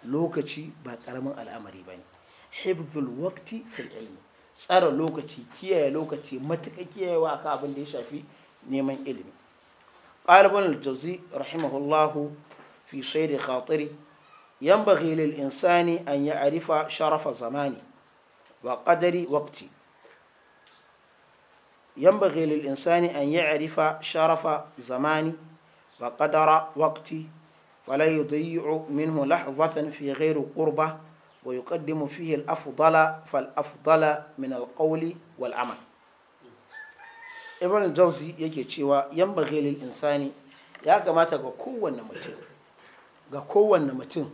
lokaci ba karamin al'amari ba ne hibzul wakti fil ilmi tsara lokaci kiyaye lokaci matuka kiyayewa a kan abin da ya shafi neman ilimi ƙalibin aljazi rahimahullahu fi sai da khatiri yan ba ghilil insani an yi arifa sharafa zamani wa ƙadari wakti yan ba ghilil insani an yi arifa sharafa zamani wa ƙadara wakti ولا يضيع منه لحظة في غير قربة ويقدم فيه الأفضل فالأفضل من القول والعمل ibn jauzi yake cewa yan bagilin insani ya kamata ga kowanne mutum ga kowanne mutum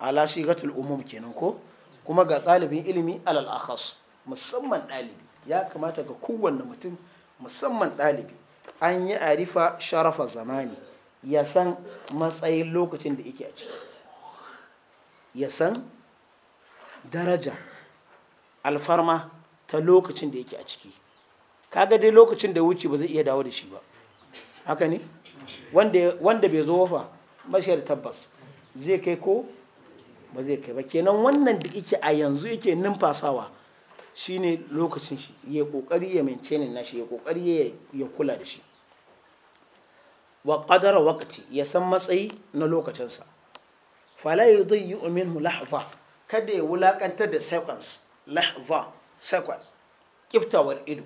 ala shigatul umum kenan ko kuma ga ɗalibin ilimi alal akhas musamman ɗalibi ya kamata ga kowanne mutum musamman ɗalibi an yi arifa sharafa zamani ya san matsayin lokacin da yake a ciki ya san daraja alfarma ta lokacin da yake a ciki kaga dai lokacin da wuce ba zai iya dawo da shi ba haka ne wanda bai zo wafa mashi da tabbas zai kai ko ba zai kai ba kenan wannan da yake a yanzu yake numfasawa shine lokacin shi ya kokari ya maintain na shi ya kokari ya kula da shi wa qadara ya san matsayi na lokacinsa zai yudhi'u minhu lahza kada ya wulaƙantar da seconds lahza second kiftawar ido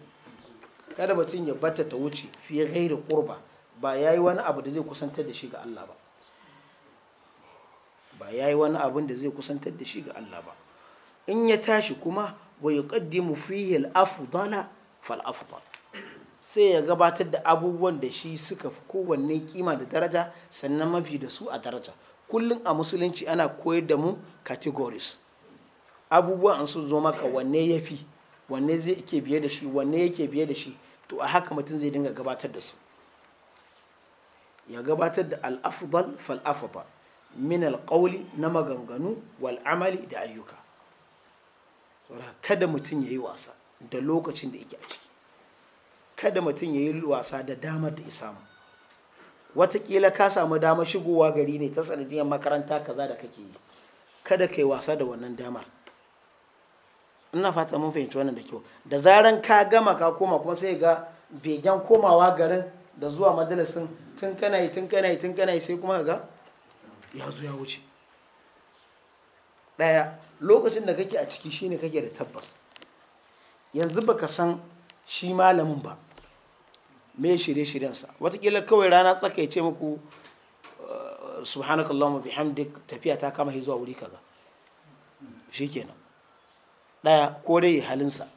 kada mutum ya bata ta wuce fiye gairi kurba ba yi wani abu da zai kusantar da shi ga Allah ba ba wani da zai kusantar da shi ga Allah ba in ya tashi kuma wa yuqaddimu fiye al-afdala fal afdal sai ya gabatar da abubuwan da shi suka fi kowanne kima da daraja sannan mafi da su a daraja kullum a musulunci ana koyar da mu categories abubuwan an su zo maka wanne ya fi wanne zai ke biye da shi wanne yake biye da shi to a haka mutum zai dinga gabatar da su ya gabatar da al'afdal fal afdal min alƙauli na maganganu wal'amali da ayyuka kada mutum ya yi wasa da lokacin da yake a ciki kada mutum ya yi wasa da damar da ya samu watakila ka samu damar shigowa gari ne ta sanadiyar makaranta kaza da kake yi kada ka yi wasa da wannan damar ina fata mun fahimci wannan da kyau da zaran ka gama ka koma kuma sai ga begen komawa garin da zuwa majalisin tun kana yi tun kana yi tun kana yi sai kuma ga ya zo ya wuce ɗaya lokacin da kake a ciki shine kake da tabbas yanzu baka san shi malamin ba me shirye-shiryensa watakila kawai rana tsaka ya ce muku uh, subhanakallahumma hamdi tafiya ta kama shi zuwa wuri kaza shikenan ɗaya ko dai halinsa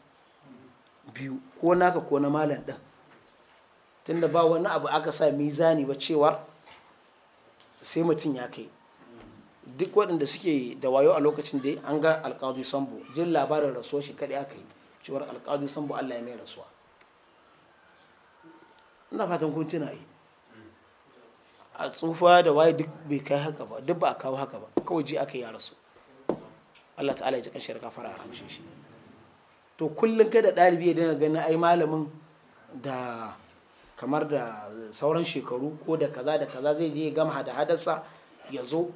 biyu ko naka ko na malam din tunda ba wani abu aka sa mizani ba cewa sai mutum ya kai duk waɗanda suke da wayo a lokacin da an ga alƙadu sambo jin labarin rasuwa shi kaɗai aka yi cewar alƙadu sambo allah ya mai rasuwa ina fatan kun tuna yi a tsufa da waye duk bai kai haka ba duk ba a kawo haka ba kawai ji aka yi rasu Allah ta'ala ya ji kashar kafara a hamshe shi to kullum kada ɗalibi ya dina ganin ai malamin da kamar da sauran shekaru ko da kaza da kaza zai je ya gama hada hadarsa ya zo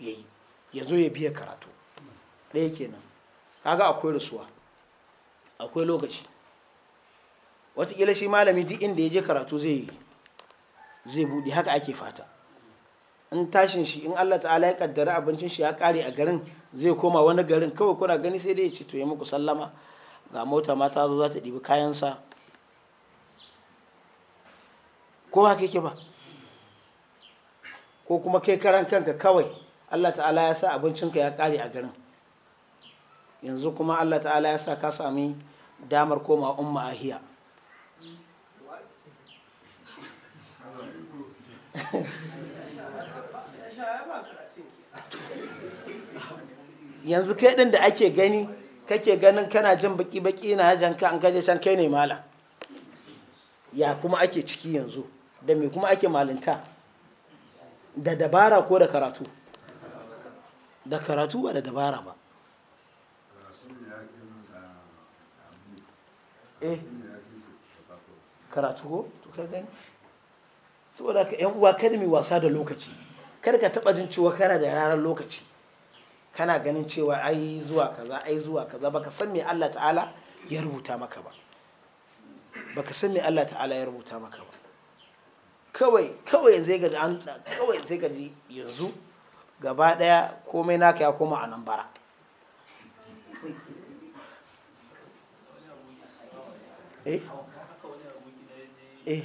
ya yi ya zo ya biya karatu ɗaya kenan kaga akwai rasuwa akwai lokaci watakila shi malami duk inda ya je karatu zai zai buɗe haka ake fata in tashin shi in Allah ta'ala ya kaddara abincin shi ya kare a garin zai koma wani garin kawai kuna gani sai dai ya ce to ya muku sallama ga mota ma ta zo za ta ɗibi kayansa ko haka yake ba ko kuma kai karan kanka kawai Allah ta'ala ya sa abincinka ya kare a garin yanzu kuma Allah ta'ala ya sa ka sami damar koma umma ahiya yanzu kai ɗin da ake gani kake ganin kana jin baki-baki na hajjanka an kaje can kai ne mala ya kuma ake ciki yanzu da me kuma ake malinta da dabara ko da karatu da karatu ba da dabara ba eh karatu ko to kai gani saboda ka yan uwa kada mai wasa da lokaci kada ka taba jin cewa kana da yaran lokaci kana ganin cewa ai zuwa kaza ai zuwa kaza baka san me Allah ta'ala ya rubuta maka ba baka san me Allah ta'ala ya rubuta maka ba kawai kawai zai gaji an kawai zai gaji yanzu gaba daya komai naka ya koma a nan bara eh eh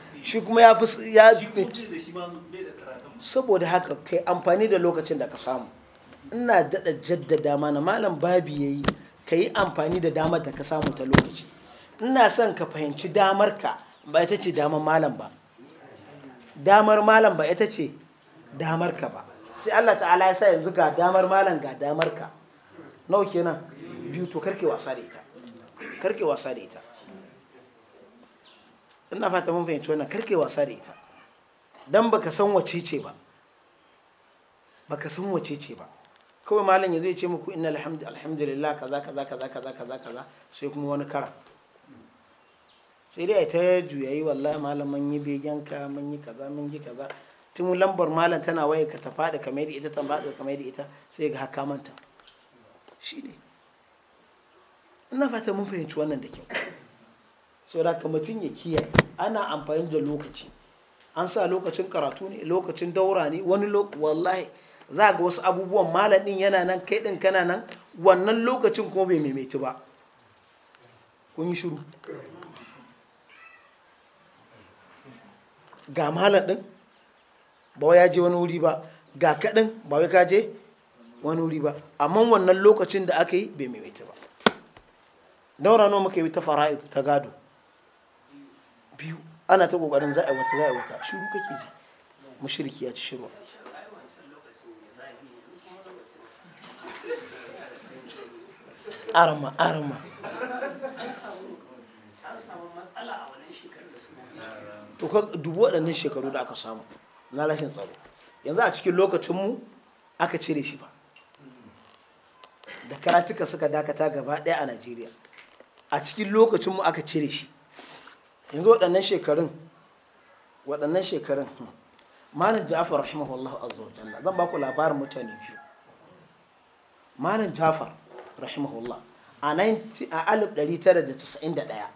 shi kuma ya fi ya saboda haka kai amfani da lokacin da ka samu ina daɗa jaddada mana malam babi ya yi ka yi amfani da damar da ka samu ta lokaci ina son ka fahimci damar ka ba ita ce damar malam ba damar malam ba ita ce damar ka ba sai Allah ta'ala ya sa yanzu ga damar malam ga damar ka nawa kenan biyu to karke wasa da ita karke wasa da ita ina fata mun fahimci wannan karke wasa da ita dan baka san wace ce ba baka san wace ce ba kawai malam ya ce muku inna alhamdulillah kaza kaza kaza kaza kaza kaza sai kuma wani kara sai dai ta juyayi wallahi malam mun yi begenka mun yi kaza mun yi kaza tun lambar malam tana waye ka ta faɗi kamar da ita ta da kamar da ita sai ga haka manta shi ne ina fata mun fahimci wannan da kyau saboda ka mutum ya kiyaye ana amfani da lokaci an sa lokacin karatu ne lokacin daura ne wani wallahi za ga wasu abubuwan malamin yana nan kai din kana nan wannan lokacin kuma bai maimaitu ba kun yi shiru ga malam din ba ya je wani wuri ba ga kaɗin ba wai ka je wani wuri ba amma wannan lokacin da aka yi bai maimaitu ba daura nawa muka yi ta fara'i ta gado biyu ana ta kokarin za a wata za a wata shiru kake ji mashirki ya ci shiru arma arma to ka dubu waɗannan shekaru da aka samu na lashin tsaro yanzu a cikin lokacinmu aka cire shi ba da karatuka suka dakata gaba ɗaya a najeriya a cikin lokacinmu aka cire shi yanzu waɗannan shekarun waɗannan shekarun hmm. malam jafar rahimahullahu azza wa jalla zan baku labarin mutane biyu malam jafar rahimahullah a 1991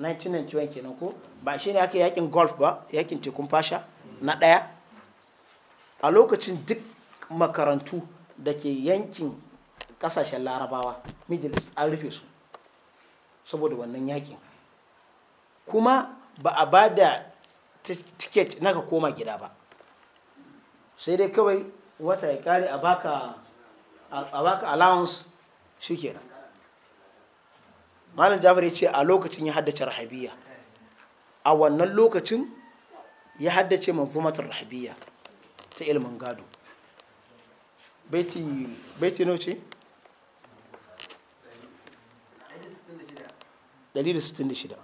1991 kenan ko ba shi ne aka yakin golf ba yakin tekun fasha na ɗaya a lokacin duk makarantu da ke yankin ƙasashen larabawa middle east an rufe su saboda wannan yakin kuma ba a ba da tiket na ka koma gida ba sai dai kawai wata ya kare a baka a baka allowance shikenan malam jafar ya ce a lokacin ya haddace rahabiya a wannan lokacin ya haddace manzumatar rahabiya ta ilimin gado baiti nau ce? 166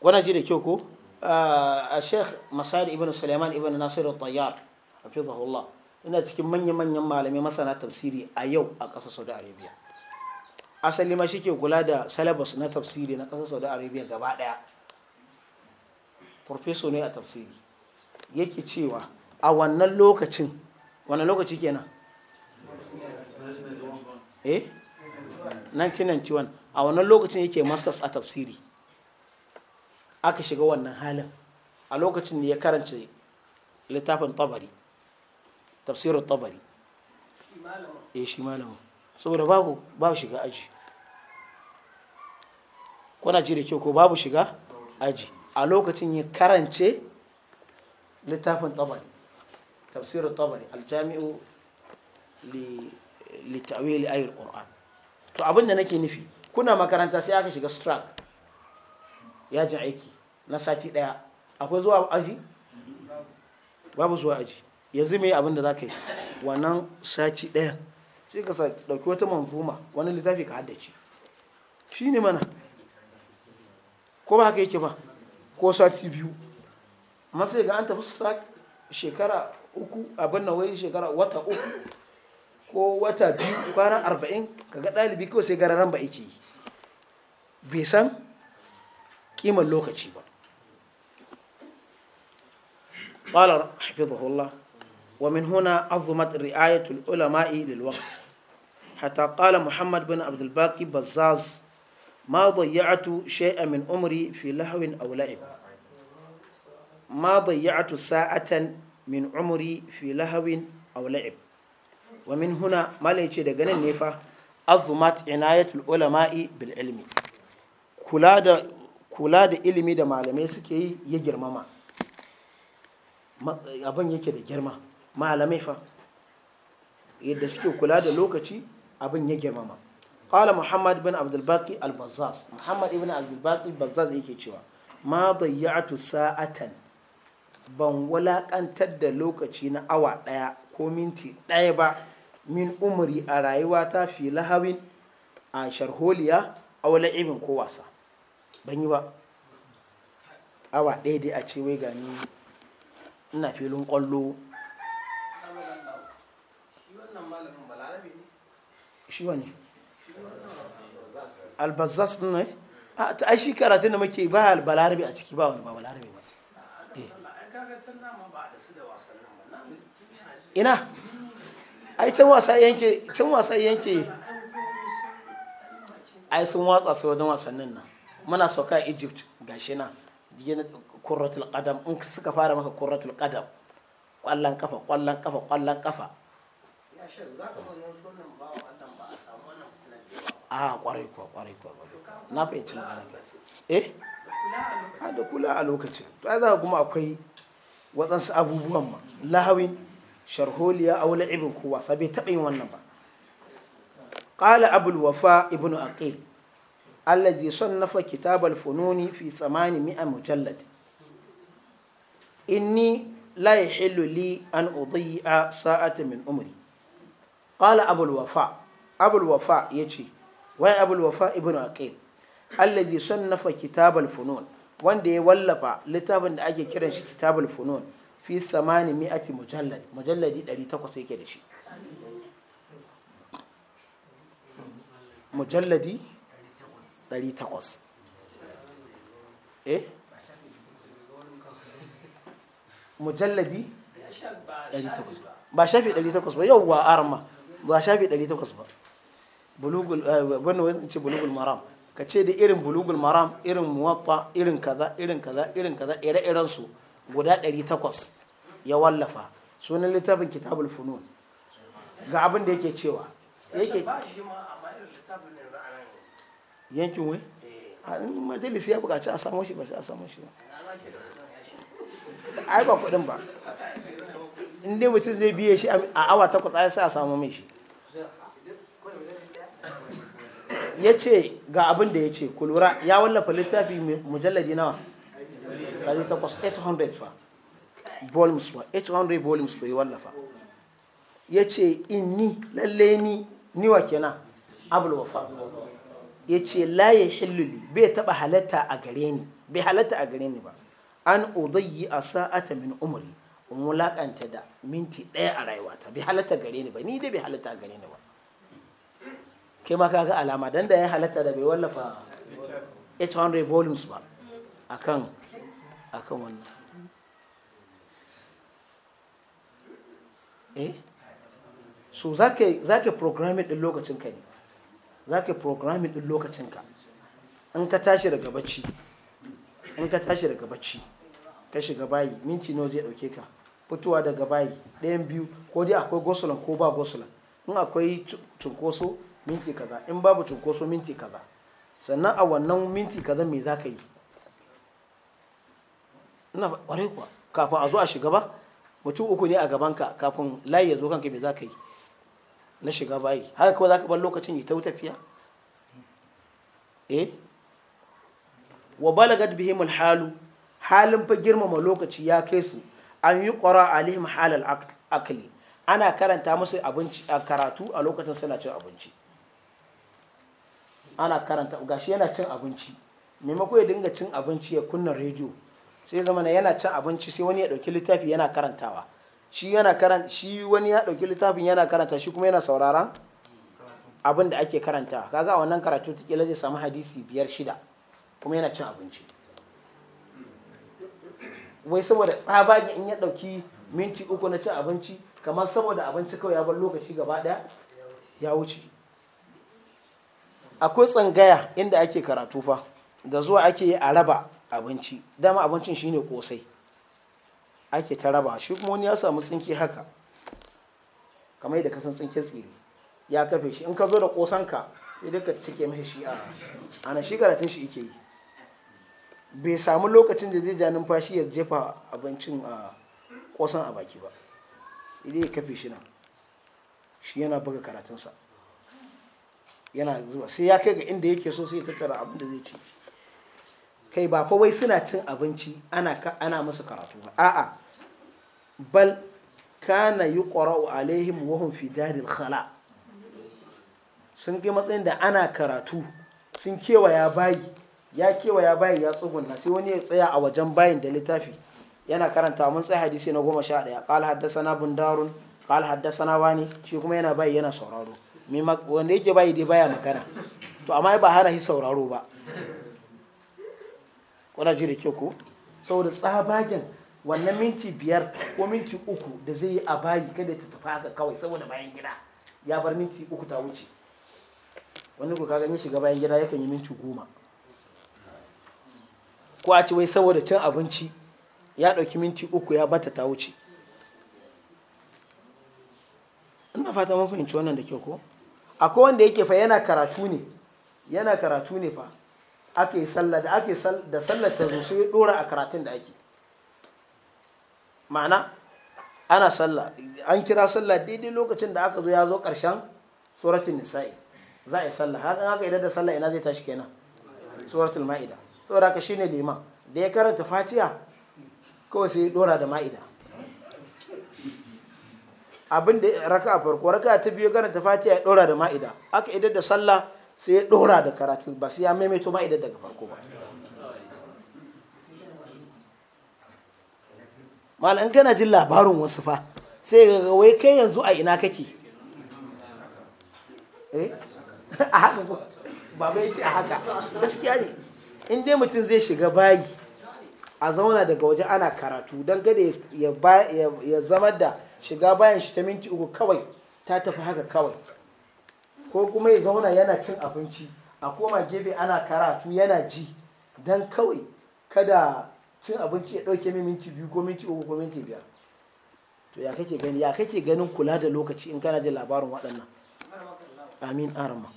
kuna ji da kyau ko a sheikh masari ibn suleiman ibn nasir tayyar hafizahullah ina cikin manya-manyan malamai masana tafsiri a yau a ƙasar saudi arabia asali ma shi ke kula da salabas na tafsiri na ƙasar saudi arabia gaba ɗaya farfeso ne a tafsiri yake cewa a wannan lokacin wannan lokaci kenan eh 1991 a wannan lokacin yake masters a tafsiri aka shiga wannan halin a lokacin da ya karance littafin tabari tafsirin tabari ya eh, shi malama saboda babu babu shiga aji kuna ji da kyau ko babu shiga aji a lokacin ya karance littafin tabari tafsirin tabari aljami'u li ta'wili ayil to abinda nake nufi kuna makaranta sai aka shiga strike yajin aiki na sati daya akwai zuwa aji babu zuwa aji yanzu me abin da za ka yi wannan sati daya sai ka dauki wata manzuma wani littafi ka haddace shi ne mana ko ba haka yake ba ko sati biyu masai ga an tafi shekara uku abin na wai shekara wata uku ko wata biyu kwanan arba'in kaga ɗalibi kawai sai gararan ba yake yi bai san kimar lokaci ba. Ƙwalar Hafizahullah, wa min huna azumat ri'ayatul ulama'i lilwaƙ. Hata ƙala Muhammad bin Abdulbaki Bazaz, ma zayyatu shai'a min umri fi lahawin aula'in. Ma zayyatu sa'atan min umri fi lahawin aula'in. Wa min huna malaice daga nan nefa, azumat inayatul ulama'i bil ilmi. Kula da kula da ilimi da malamai suke yi ya girmama abin yake da girma malamai fa yadda suke kula da lokaci abin ya girmama قال محمد بن عبد الباقي muhammad محمد ابن عبد الباقي yake cewa ma dayya'tu sa'atan ban walaƙantar da lokaci na awa ɗaya ko minti ɗaya ba min umri a rayuwa ta fi lahawin a sharholiya a wala'imin ko wasa ban yi ba awa ɗaya dai a ce wai gani ina filin ƙwallo shi wani albazas ne a ta ai shi karatun da muke ba balarabe a ciki ba wani ba balarabe ba eh. ina ai can wasa yanke can wasa yanke ai sun watsa su wajen wasannin nan muna sauka a egypt gashi na kurratul qadam in suka fara maka kurratul qadam kwallon kafa kwallon kafa kwallon kafa a kwarai kuwa kwarai kuwa na fahimci magana eh a da kula a lokacin to ai za kuma akwai waɗansu abubuwan ma lahawin sharholiya a wula ibin kowa sabai taɓa yin wannan ba ƙala abul wafa ibnu aqil alladhi sannafa kitab al-fununi fi tsamani mi'a mujallad inni la yahillu li an udhi'a sa'atan min umri qala abu al-wafa abu al-wafa yace wai abu al-wafa ibn aqil alladhi sannafa kitab al-funun wanda ya wallafa littafin da ake kiran shi kitab al-funun fi tsamani mi'ati mujallad mujalladi 800 yake da shi mujalladi 800 eh mujalladi ba shafi 800 ba yau wa arma ba shafi 800 ba bulugul eh, wannan wani ce bulugul maram ka ce da irin bulugul maram irin muwatta irin kaza irin kaza irin kaza ire-iren su guda 800 ya wallafa sunan littafin kitabul funun ga abin da yake cewa yake yankin wai eh. a majalisi ya buƙaci a samu shi ba sai a samu shi yi ba kuɗin ba inda mutum zai biye shi a awa takwas ai sai a samu mai shi ya ce ga abin da ya ce kulura ya wallafa littafi mujalladi nawa 800 fa volumes ba 800 volumes ba ya wallafa ya ce in ni lalle ni niwa kenan abu wafa ya ce laye hilluli bai taɓa halatta a gare ni bai halatta a gare ni ba an udayyi a sa'ata min umri in wulaƙanta da minti ɗaya a rayuwata bai halatta gare ni ba ni dai bai halatta a gare ni ba kai ma kaga alama dan da ya halatta da bai wallafa 800 volumes ba akan akan wannan eh so zaka zaka programming din lokacin ka ne za ka yi programming ɗin lokacinka in ka tashi daga bacci in ka tashi daga bacci ka shiga bayi minti nawa zai ɗauke ka fitowa daga bayi ɗayan biyu ko dai akwai gosulan ko ba gosulan in akwai cunkoso minti kaza in babu cunkoso minti kaza sannan a wannan minti kaza me za ka yi ina ƙwarai kuwa kafin a zo a shiga ba mutum uku ne a gabanka kafin layi ya zo kanka me za ka yi na shiga bayi haka kawai za ka bar lokacin yi ta tafiya eh wa balagat bihim alhalu halin fa girmama lokaci ya kai su an yi qara alaihim halal akali ana karanta musu abinci a karatu a lokacin suna cin abinci ana karanta gashi yana cin abinci maimako ya dinga cin abinci ya kunna rediyo sai zama yana cin abinci sai wani ya dauki littafi yana karantawa shi yana karanta shi wani ya ɗauki littafin yana karanta shi kuma yana saurara abin da ake karanta kaga a wannan karatu ta kila zai samu hadisi biyar shida kuma yana cin abinci wai saboda tsabagi in ya ɗauki minti uku na cin abinci kamar saboda abinci kawai ya bar lokaci gaba ɗaya ya wuce akwai tsangaya inda ake karatu fa da zuwa ake yi a raba abinci dama abincin shine kosai ake ta raba shi kuma wani ya samu tsinke haka kamar yadda ka san tsinke tsiri ya kafe shi in ka zo da kosanka sai duka cike mashi shi a ana shi karatun shi ike yi bai samu lokacin da zai ja numfashi ya jefa abincin a kosan a baki ba idan ya kafe shi nan shi yana buga karatunsa yana zuwa sai ya kai ga inda yake so sai ya tattara abin da zai ci kai ba fa wai suna cin abinci ana ana musu karatu ba a'a bal kana yuqra'u alaihim wa hum fi daril khala sun kai matsayin da ana karatu sun kewa ya bayi ya ya bayi ya tsugunna sai wani ya tsaya a wajen bayin da littafi yana karanta mun tsaya hadisi na goma sha ɗaya qala haddathana bundarun haddasa na wani shi kuma yana bayi yana sauraro wanda yake bayi dai baya magana to amma ba hana shi sauraro ba wana ji da ke ko saboda tsabagen wannan minti biyar ko minti uku da zai yi a bayi kada ta tafi haka kawai saboda bayan gida ya bar minti uku ta wuce wani ku kaga yin shiga bayan gida yakan yi minti goma ko a ce wai saboda cin abinci ya ɗauki minti uku ya bata ta wuce ina fata mun fahimci wannan da kyau ko akwai wanda yake fa yana karatu ne yana karatu ne fa ake sallah da ake da sallah ta zo sai dora a karatun da ake ma'ana ana sallah an kira sallah daidai lokacin da aka zo ya zo karshen suratul nisa'i za a yi sallah haka haka idan da sallah ina zai tashi kenan suratul ma'ida saboda ka shine lima da ya karanta fatiha kawai sai dora da ma'ida abin da raka a farko raka ta biyu karanta fatiha ya dora da ma'ida aka idan da sallah sai ya ɗora da karatun ba sai ya maimaito ma idan daga farko ba malan gana jin labarin wasu fa sai ga wai kai yanzu a ina kake eh a haka ko baba ya a haka gaskiya ne in dai mutum zai shiga bayi a zauna daga waje ana karatu don gada ya zama da shiga bayan shi ta minti uku kawai ta tafi haka kawai ko kuma ya zauna yana cin abinci a koma gefe ana karatu yana ji don kawai kada cin abinci ya ɗauke min minti biyu ko minti uku ko minti biyar to ya kake gani ya kake ganin kula da lokaci in kana jin labarin waɗannan amin arama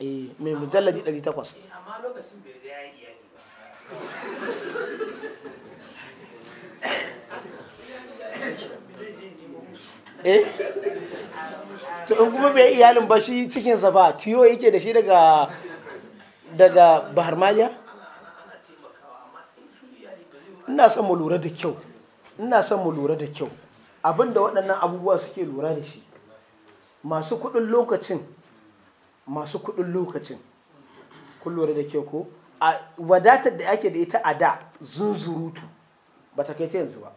eh mai mujalladi 800 eh, amma lokacin bai da yayi ba eh to in kuma bai iyalin ba shi cikinsa ba ciwo yake da shi daga daga bahar maliya ina son mu lura da kyau ina son mu lura da kyau abinda waɗannan abubuwa suke lura da shi masu kuɗin lokacin masu kuɗin lokacin kun lura da kyau ko a wadatar da ake da ita a da zunzurutu ba ta kai ta yanzu ba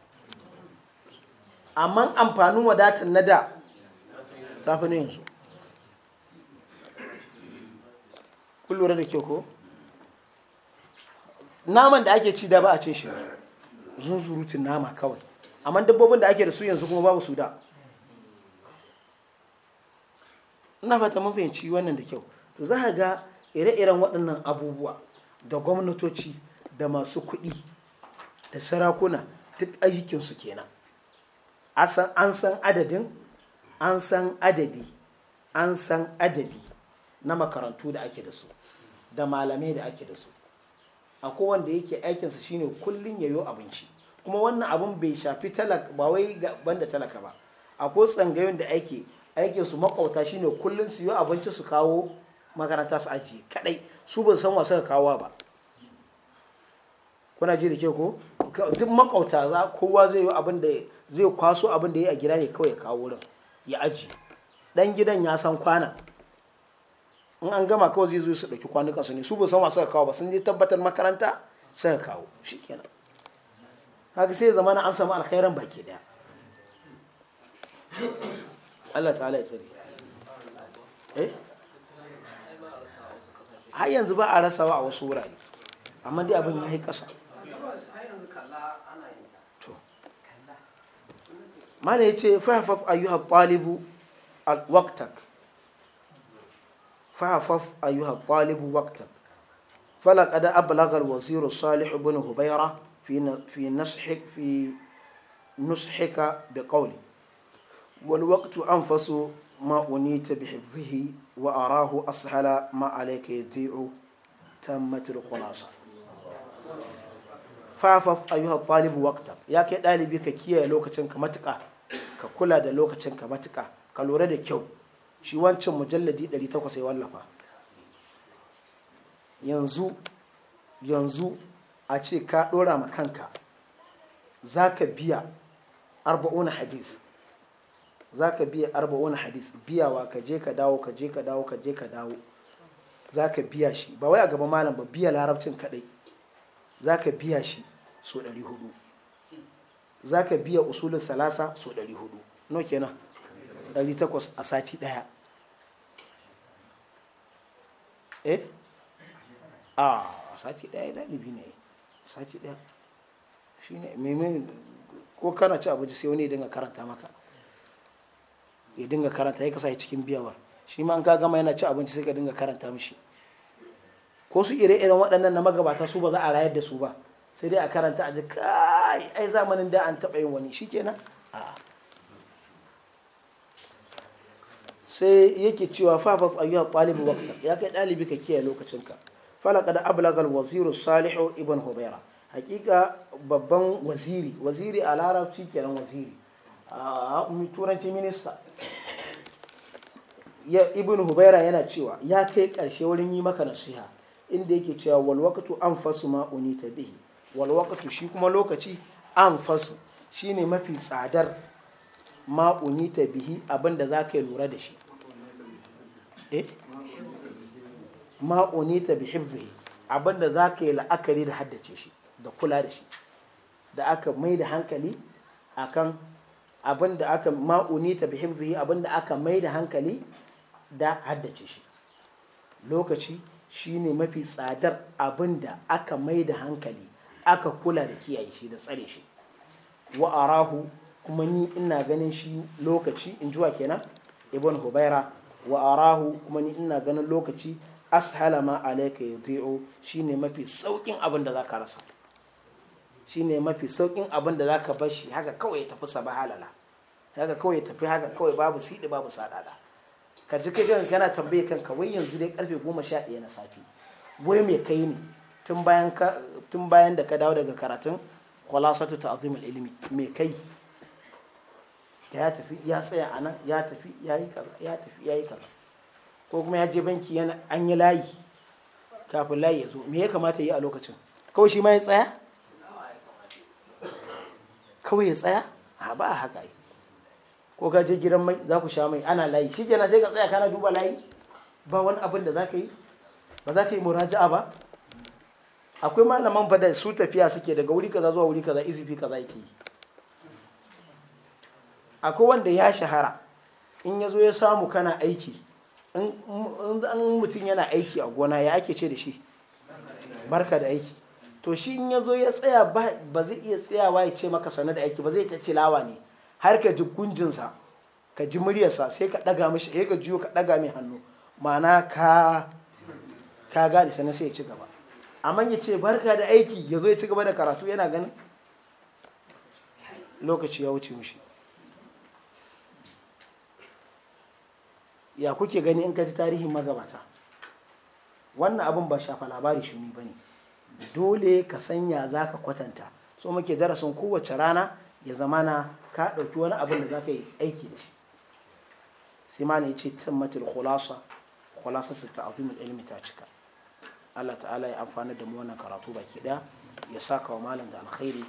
amma amfanin wadatar na da ta fi yanzu kun da ke ko naman da ake ci da ba a cin shi zunzurutun nama kawai amma dabbobin da ake da su yanzu kuma babu su da ina fata mun fahimci wannan da kyau to za ga ire-iren waɗannan abubuwa da gwamnatoci da masu kuɗi da sarakuna duk ayyukinsu kenan an san adadin an san adadi an san adadi na makarantu da ake da su da malamai da ake da su a kowanda yake aikinsa shine kullum ya abinci kuma wannan abun bai shafi talaka ba wai banda talaka ba akwai tsangayon da ake aikin su makauta shine kullum su yi abinci su kawo makaranta su ajiye kadai su basu san wasu kawo ba kuna ji da ke ko duk makauta za kowa zai yi abin da zai kwaso abin da ya a gida ne kawai ya kawo wurin ya aji dan gidan ya san kwana in an gama kawai zai zo su ɗauki kwanukan su ne su ba san masu kawo ba sun je tabbatar makaranta suka kawo shikenan haka sai zama na an samu alkhairan baki daya Allah ta'ala ya tsare eh har yanzu ba a rasawa a wasu wurare amma dai abin ya yi ƙasa mana ya ce fahafas ayyuhar talibu waktak fahafas falaka da ablagar wasiru salihu bin hubaira fi nushika bi kauli wani waktu an faso ma'uni ta bi hifzihi wa arahu ashala ma'alaika ya ta matar fafaf ayyuha talibu waqtak ya kai dalibi ka kiyaye lokacin ka matuka ka kula da lokacin ka matuka ka lura da kyau shi wancan mujalladi 800 ya wallafa yanzu yanzu a ce ka dora ma kanka zaka biya 40 hadis zaka biya 40 hadis biyawa ka je ka dawo ka je ka dawo ka je ka dawo zaka biya shi ba wai a gaba malam ba biya larabcin kadai za ka biya shi so hudu za ka biya usulun salasa so hudu no kenan takwas a sati daya eh a sati daya dalibi ne sati daya shi ne maimin ko kana ci abinci sai wani ya dinga karanta maka ya dinga karanta ya kasa cikin biyawar shi ma an ka gama yana ci abinci sai ka dinga karanta mishi ko su ire-iren waɗannan na magabata su ba za a rayar da su ba sai dai a karanta a ji kai ai zamanin da an taɓa yin wani shikenan a sai yake cewa fafas ayyuhar ɗalibi wakta ya kai ɗalibi ka kiyaye lokacinka falaka da ablagal waziru salihu ibn hubaira hakika babban waziri waziri a larabci kenan waziri a turanci minista ibn hubaira yana cewa ya kai ƙarshe wurin yi maka nasiha inda yake cewa walwakatu an fasu ma'uni ta bihi walwakatu shi kuma lokaci an fasu shi ne mafi tsadar ma'uni ta bihi abinda zaka yi lura da shi eh? ma'uni ta bihi bi hifzihi abinda zaka yi la'akari da haddace shi da kula da shi da aka mai da hankali akan abinda aka ma'uni ta bihi abinda aka mai da hankali da haddace shi lokaci shine mafi tsadar abin da aka mai da hankali aka kula da kiyaye shi da tsare shi wa arahu kuma ni ina ganin shi lokaci in juwa kenan ibn hubaira wa arahu kuma ni ina ganin lokaci ashala ma alayka yuti'u shine mafi saukin abin da zaka rasa shine mafi saukin abin da zaka bar shi haka kawai ya tafi sabahalala haka kawai ya tafi haka kawai babu sidi babu sadada ka ji kai kanka kana tambaye kanka wai yanzu dai karfe goma sha ɗaya na safe wai me kai ne tun bayan da ka dawo daga karatun kwalasatu ta azumin ilimi me kai ya tafi ya tsaya a nan ya tafi ya yi kaza ya tafi ya yi kaza ko kuma ya je banki yana an yi layi kafin layi ya zo me ya kamata yi a lokacin kawai shi ma ya tsaya kawai ya tsaya a ba a haka yi ko ka je gidan mai za ku sha mai ana layi shi kenan sai ka tsaya kana duba layi ba wani abin da za ka yi ba za ka yi muraja'a ba akwai malaman bada su tafiya suke daga wuri kaza zuwa wuri kaza izifi kaza yake yi akwai wanda ya shahara in ya zo ya samu kana aiki in mutum yana aiki a gona ya ake ce da shi barka da aiki to shi in ya zo ya tsaya ba zai iya tsayawa ya ce maka sanar da aiki ba zai ta tilawa ne har ka ji gunjinsa ka ji muryarsa sai ka ɗaga mishi sai ka juyo ka daga mai hannu mana ka ka gane sannan sai ya ci gaba amma ya ce barka da aiki ya zo ya ci gaba da karatu yana ganin lokaci ya wuce mishi ya kuke gani in ka ji tarihin magabata wannan abin ba shafa labari shi ba ne dole ka sanya za ka kwatanta so muke darasin kowace rana ya zamana ka ɗauki wani abin da za ka yi aiki da shi sai ma ne ce tammatul khulasa ta ta'zimul ilmi ta cika Allah ta'ala ya amfana da mu wannan karatu baki ɗaya ya saka wa malam da alkhairi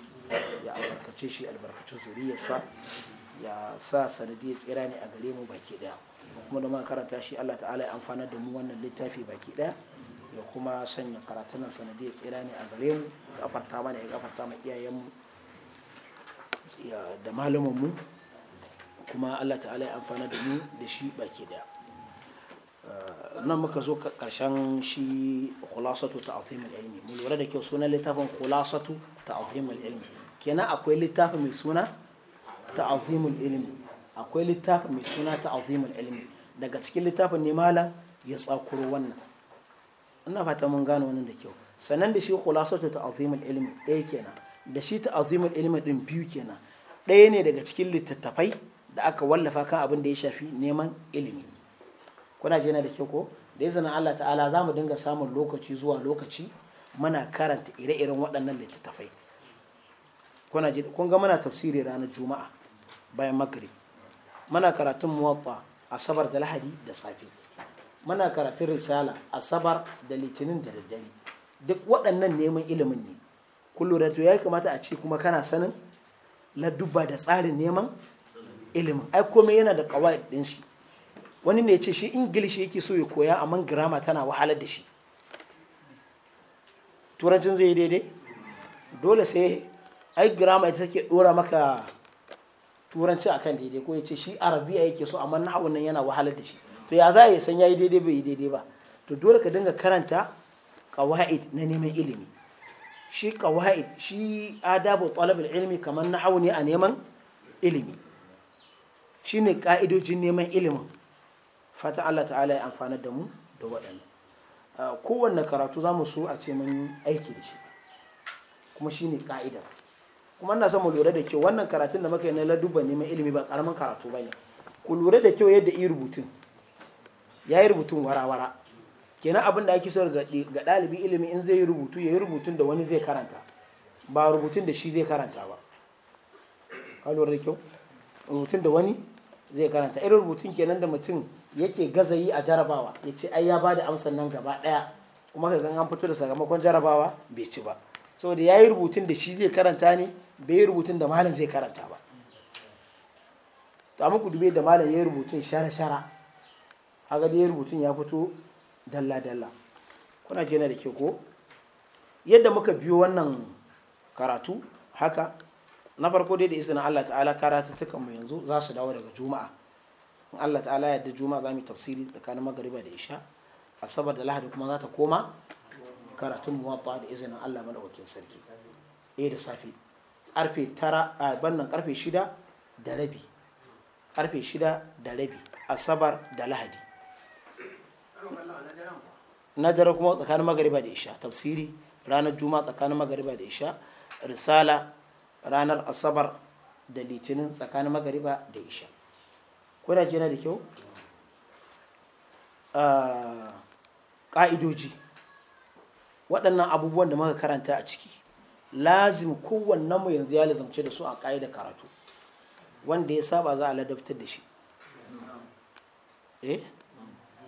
ya albarkace shi albarkacin zuriyarsa ya sa sanadiyar tsira ne a gare mu baki ɗaya kuma da muka karanta shi Allah ta'ala ya amfana da mu wannan littafi baki ɗaya ya kuma sanya karatunan sanadiyar tsira ne a gare mu ya gafarta mana ya gafarta ma iyayenmu da malamanmu kuma allah ta'ala ya amfana da mu da shi baki daya eh, nan muka zo karshen shi khulasatu ta'zimul ilmi mu lura da kyau sunan littafin khulasatu ta'zimul ilmi kenan akwai littafi mai suna ta'zimul ilmi akwai littafi mai suna ta'zimul ilmi daga cikin littafin ne malam ya tsakuro wannan ina fata mun gano wannan da kyau sannan da shi khulasatu ta'zimul ilmi ɗaya kenan da shi ta azimar ɗin din biyu kenan ɗaya ne daga cikin littattafai da aka wallafa kan abin da ya shafi neman ilimi kuna jina da kyau ko da izinin Allah ta'ala za mu dinga samun lokaci zuwa lokaci muna karanta ire-iren waɗannan littattafai kuna ji kun ga muna tafsiri ranar juma'a bayan magrib muna karatun muwatta asabar da lahadi da safi muna karatun risala asabar da litinin da daddare duk waɗannan neman ilimin ne kun lura to ya kamata a ce kuma kana sanin dubba da tsarin neman ilimin ai komai yana da kawai din shi wani ne ce shi ingilishi yake so ya koya amma girama tana wahalar da shi turancin zai daidai dole sai ai girama ita take dora maka turanci akan daidai ko ya ce shi arabiya yake so amma na nan yana wahalar da shi to ya za a yi san ya yi daidai bai yi daidai ba to dole ka dinga karanta kawai na neman ilimi shi qawaid shi adabu talab ilmi kamar hau ne a neman ilimi shine ka'idojin neman ilimin fata Allah ta'ala ya amfana da mu da waɗannan kowanne karatu za mu so a ce mun aiki da shi kuma shine ka'ida kuma ina son mu lura da kyau wannan karatun da muka yi na ladubban neman ilimi ba karamin karatu ba ne ku lura da kyau yadda iya rubutun ya yi rubutun wara-wara kenan abin da ake so ga ɗalibi ilimi in zai yi rubutu ya yi rubutun da wani zai karanta ba rubutun da shi zai karanta ba kalwar da kyau rubutun da wani zai karanta irin rubutun kenan da mutum yake gazayi a jarabawa ya ce ai ya ba da amsan nan gaba ɗaya kuma ka gan an fito da sakamakon jarabawa bai ci ba saboda ya yi rubutun da shi zai karanta ne bai yi rubutun da malam zai karanta ba to amma ku dube da malam ya yi rubutun shara-shara haka da ya rubutun ya fito dalla dalla kuna jina da ke ko yadda muka biyo wannan karatu haka na farko dai da izinin Allah ta'ala karatuttukan mu yanzu za su dawo daga juma'a in Allah ta'ala ya juma'a za mu tafsiri tsakanin magariba da isha asabar da lahadi kuma za ta koma karatun muwatta da izinin Allah madaukakin sarki eh da safe karfe tara a bannan karfe shida da rabi karfe shida da rabi asabar da lahadi na kuma tsakanin magariba da isha tafsiri ranar juma tsakanin magariba da isha risala ranar asabar da litinin tsakanin magariba da isha kuna jina da kyau ƙa'idoji waɗannan abubuwan da muka karanta a ciki lazim mu yanzu ya lazamce da su a ƙa'ida karatu wanda ya saba za a ladabtar da shi eh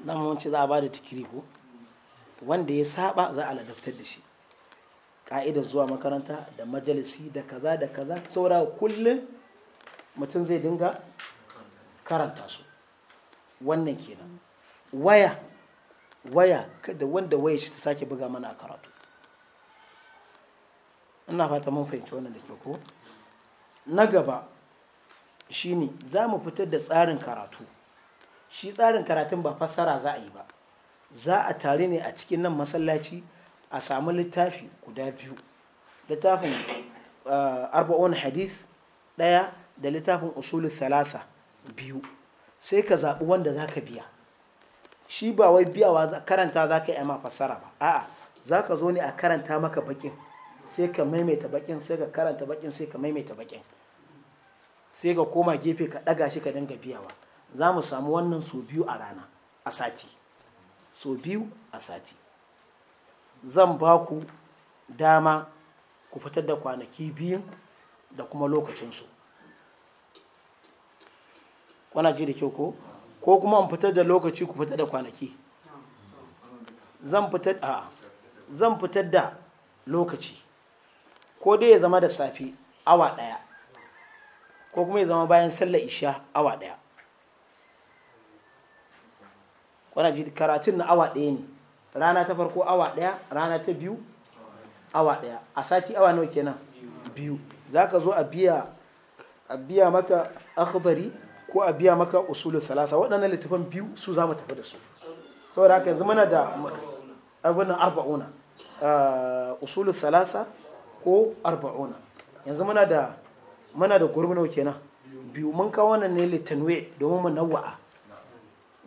dan mun za a bada tikiri ko wanda ya saba za a ladabtar da shi ka'idar zuwa makaranta da majalisi da kaza da kaza saura kullum mutum zai dinga karanta su wannan kenan waya waya kada wanda waya shi ta sake buga mana a karatu ina fata mun fahimci wannan da ke ko na gaba shine za mu fitar da tsarin karatu shi tsarin karatun ba fassara za a yi ba za a tare ne a cikin nan masallaci a samu littafi guda biyu littafin eh, arba'un hadith ɗaya da littafin usul salasa biyu sai ka zaɓi wanda za ka biya shi ba wai biyawa karanta za ka yi ma fassara ba a'a za ka zo ne a karanta maka bakin sai ka maimaita bakin sai ka karanta bakin sai ka maimaita bakin sai ka koma gefe ka ɗaga shi ka dinga biyawa za mu samu wannan so biyu a rana a sati so biyu a sati zan ba ku dama ku fitar da kwanaki biyun da kuma lokacinsu kwana ji da kyau ko ko kuma in fitar da lokaci ku fitar da kwanaki zan fitar a zan fitar da lokaci ko dai ya zama da safe awa ɗaya ko kuma ya zama bayan sallar isha awa ɗaya kwana ji karatun na awa ɗaya ne rana ta farko awa ɗaya rana ta biyu awa ɗaya a sati awa nawa kenan biyu za ka zo a biya a biya maka akhdari ko a biya maka usulu salasa waɗannan littafan biyu su za mu tafi da su saboda haka yanzu muna da abin arba'una eh, usulu salasa ko arba'una yanzu muna da muna da nan. nawa kenan biyu mun kawo wannan ne littanwe domin mu nawa'a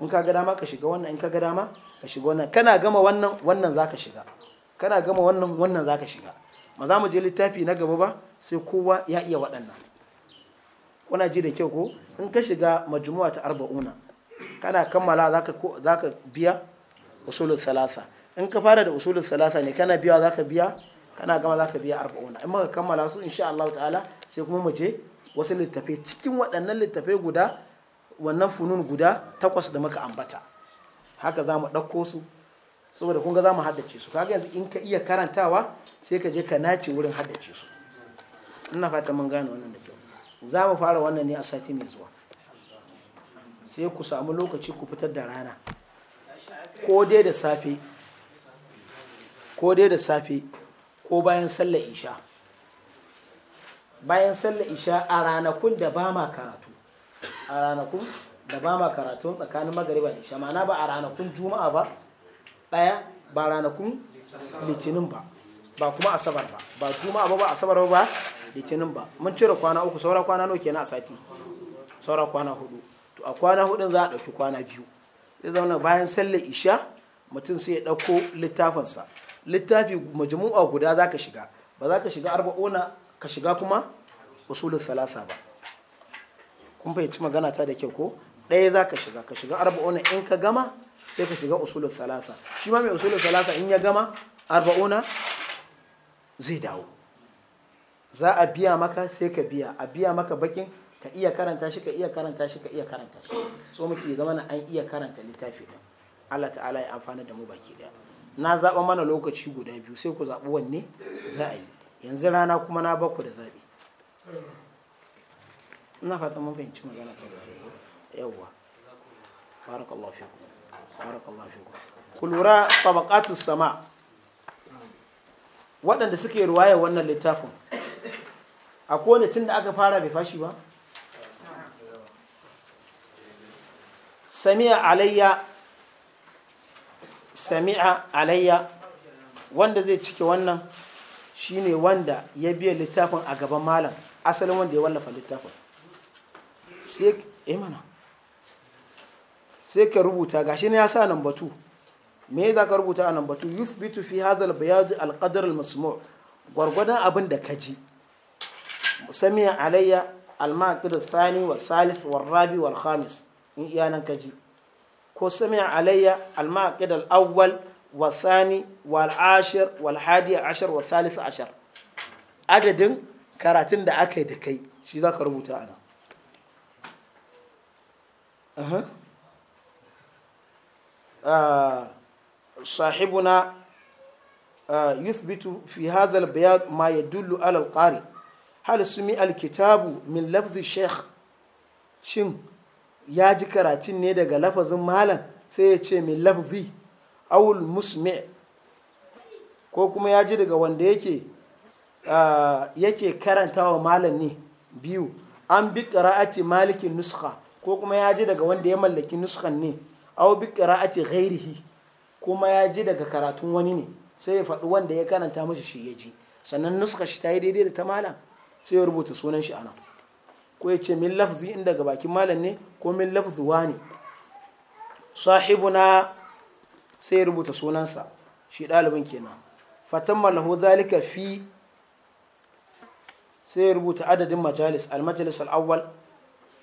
in ka ga dama ka shiga wannan in ka ga dama ka shiga wannan kana gama wannan wannan zaka shiga kana gama wannan wannan zaka shiga ba za mu je littafi na gaba ba sai kowa ya iya waɗannan kuna ji da kyau ko in ka shiga majmu'a ta arba'una kana kammala zaka zaka biya usulul salasa in ka fara da usulul salasa ne kana biya zaka biya kana gama zaka biya arba'una in maka kammala su insha Allah ta'ala sai kuma mu je wasu littafai cikin waɗannan littafai guda wannan funun guda takwas da muka ambata haka za mu ɗauko su saboda kun ga za mu haddace su kaga yanzu in ka iya karantawa sai ka je ka nace wurin haddace su ina fata mun gane wannan da kyau za mu fara wannan ne a sati mai zuwa sai ku samu lokaci ku fitar da rana ko dai da safe ko dai da safe ko bayan sallar isha bayan sallar isha a ranakun da ba ma karatu a ranakun da ba ma karatu tsakanin magariba da isha ma'ana ba a ranakun juma'a ba ɗaya ba ranakun litinin ba ba kuma asabar ba ba juma'a ba ba asabar ba litinin ba mun cire kwana uku saura kwana nawa kenan a sati saura kwana hudu to a kwana hudun za a ɗauki kwana biyu zai zauna bayan sallar isha mutum sai ya ɗauko littafinsa littafi majmu'a guda za ka shiga ba za ka shiga arba'una ka shiga kuma usulun salasa ba kun fahimci magana ta da kyau ko ɗaya za ka shiga ka shiga arba'una in ka gama sai ka shiga usulul salasa shi ma mai usulul salasa in ya gama arba'una zai dawo za a biya maka sai ka biya a biya maka bakin ka iya karanta shi ka iya karanta shi ka iya karanta shi so muke zama na an iya karanta littafi ɗin Allah ta'ala ya amfana da mu baki ɗaya na zaɓa mana lokaci guda biyu sai ku zaɓi wanne za a yi yanzu rana kuma na baku da zaɓi ina fata mun fahimci magana ta da yawwa barakallahu barakallahu sama waɗanda suke ruwaya wannan littafin a wanda tun da aka fara bai fashi ba sami'a alayya sami'a alayya wanda zai cike wannan shine wanda ya biya littafin a gaban malam asalin wanda ya wallafa littafin sai eh sai ka rubuta gashi ne ya sa nan batu me za ka rubuta a nan batu bitu fi hadal bayadu bayad al gwargwadon abin da ka ji samiya alayya al da sani wa salis wa rabi wa khamis in iya nan ka ji ko samiya alayya da maqid wa sani wa al'ashir wa ashir a ashir wa salis a ashir adadin karatun da aka yi da kai shi za ka rubuta a nan صاحبنا يثبت في هذا البيان ما يدل على القارئ هل سمع الكتاب من لفظ الشيخ شم يا ji karatun ne daga lafazin malam sai ya ce min lafzi awul musmi ko kuma ya ji daga wanda yake ah, yake karantawa malam ne biyu an bi qira'ati malikin nuskha ko kuma ya ji daga wanda ya mallaki nuskan ne aw bi qira'ati ghairihi kuma ya ji daga karatun wani ne sai ya faɗi wanda ya karanta mashi shi ya ji sannan nuskar shi ta yi daidai da ta malam sai ya rubuta sunan shi anan ko ya ce min lafzi in daga bakin malam ne ko min lafzi wani sahibuna sai ya rubuta sunansa shi ɗalibin kenan fatan malahu zalika fi sai ya rubuta adadin majalis al-majalis al-awwal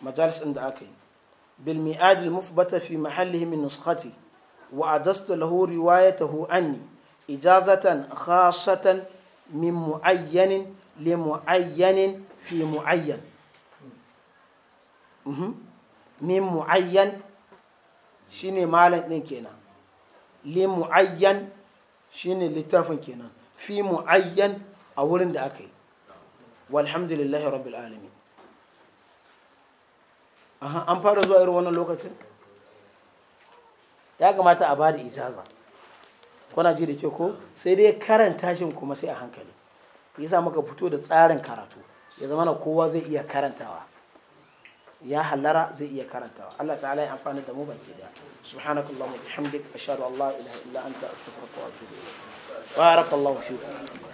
majalis ɗin da aka yi bil mi'adil mufbata fi mahallihi min nuskhati wa adasta lahu riwayatahu anni ijazatan khasatan min mu'ayyanin li mu'ayyanin fi mu'ayyan min mu'ayyan shine malam din kenan li mu'ayyan shine littafin kenan fi mu'ayyan a wurin da aka yi walhamdulillahi rabbil alamin an fara zuwa irin wannan lokacin ya kamata a bada ijaza kuna ji da ke ko sai dai karanta shi kuma sai a hankali yasa muka fito da tsarin karatu ya zama na kowa zai iya karantawa ya hallara zai iya karantawa Allah ta'ala ya amfani da mu baki da subhanakallahumma bihamdik ashhadu an la ilaha illa anta astaghfiruka wa atubu ilayk barakallahu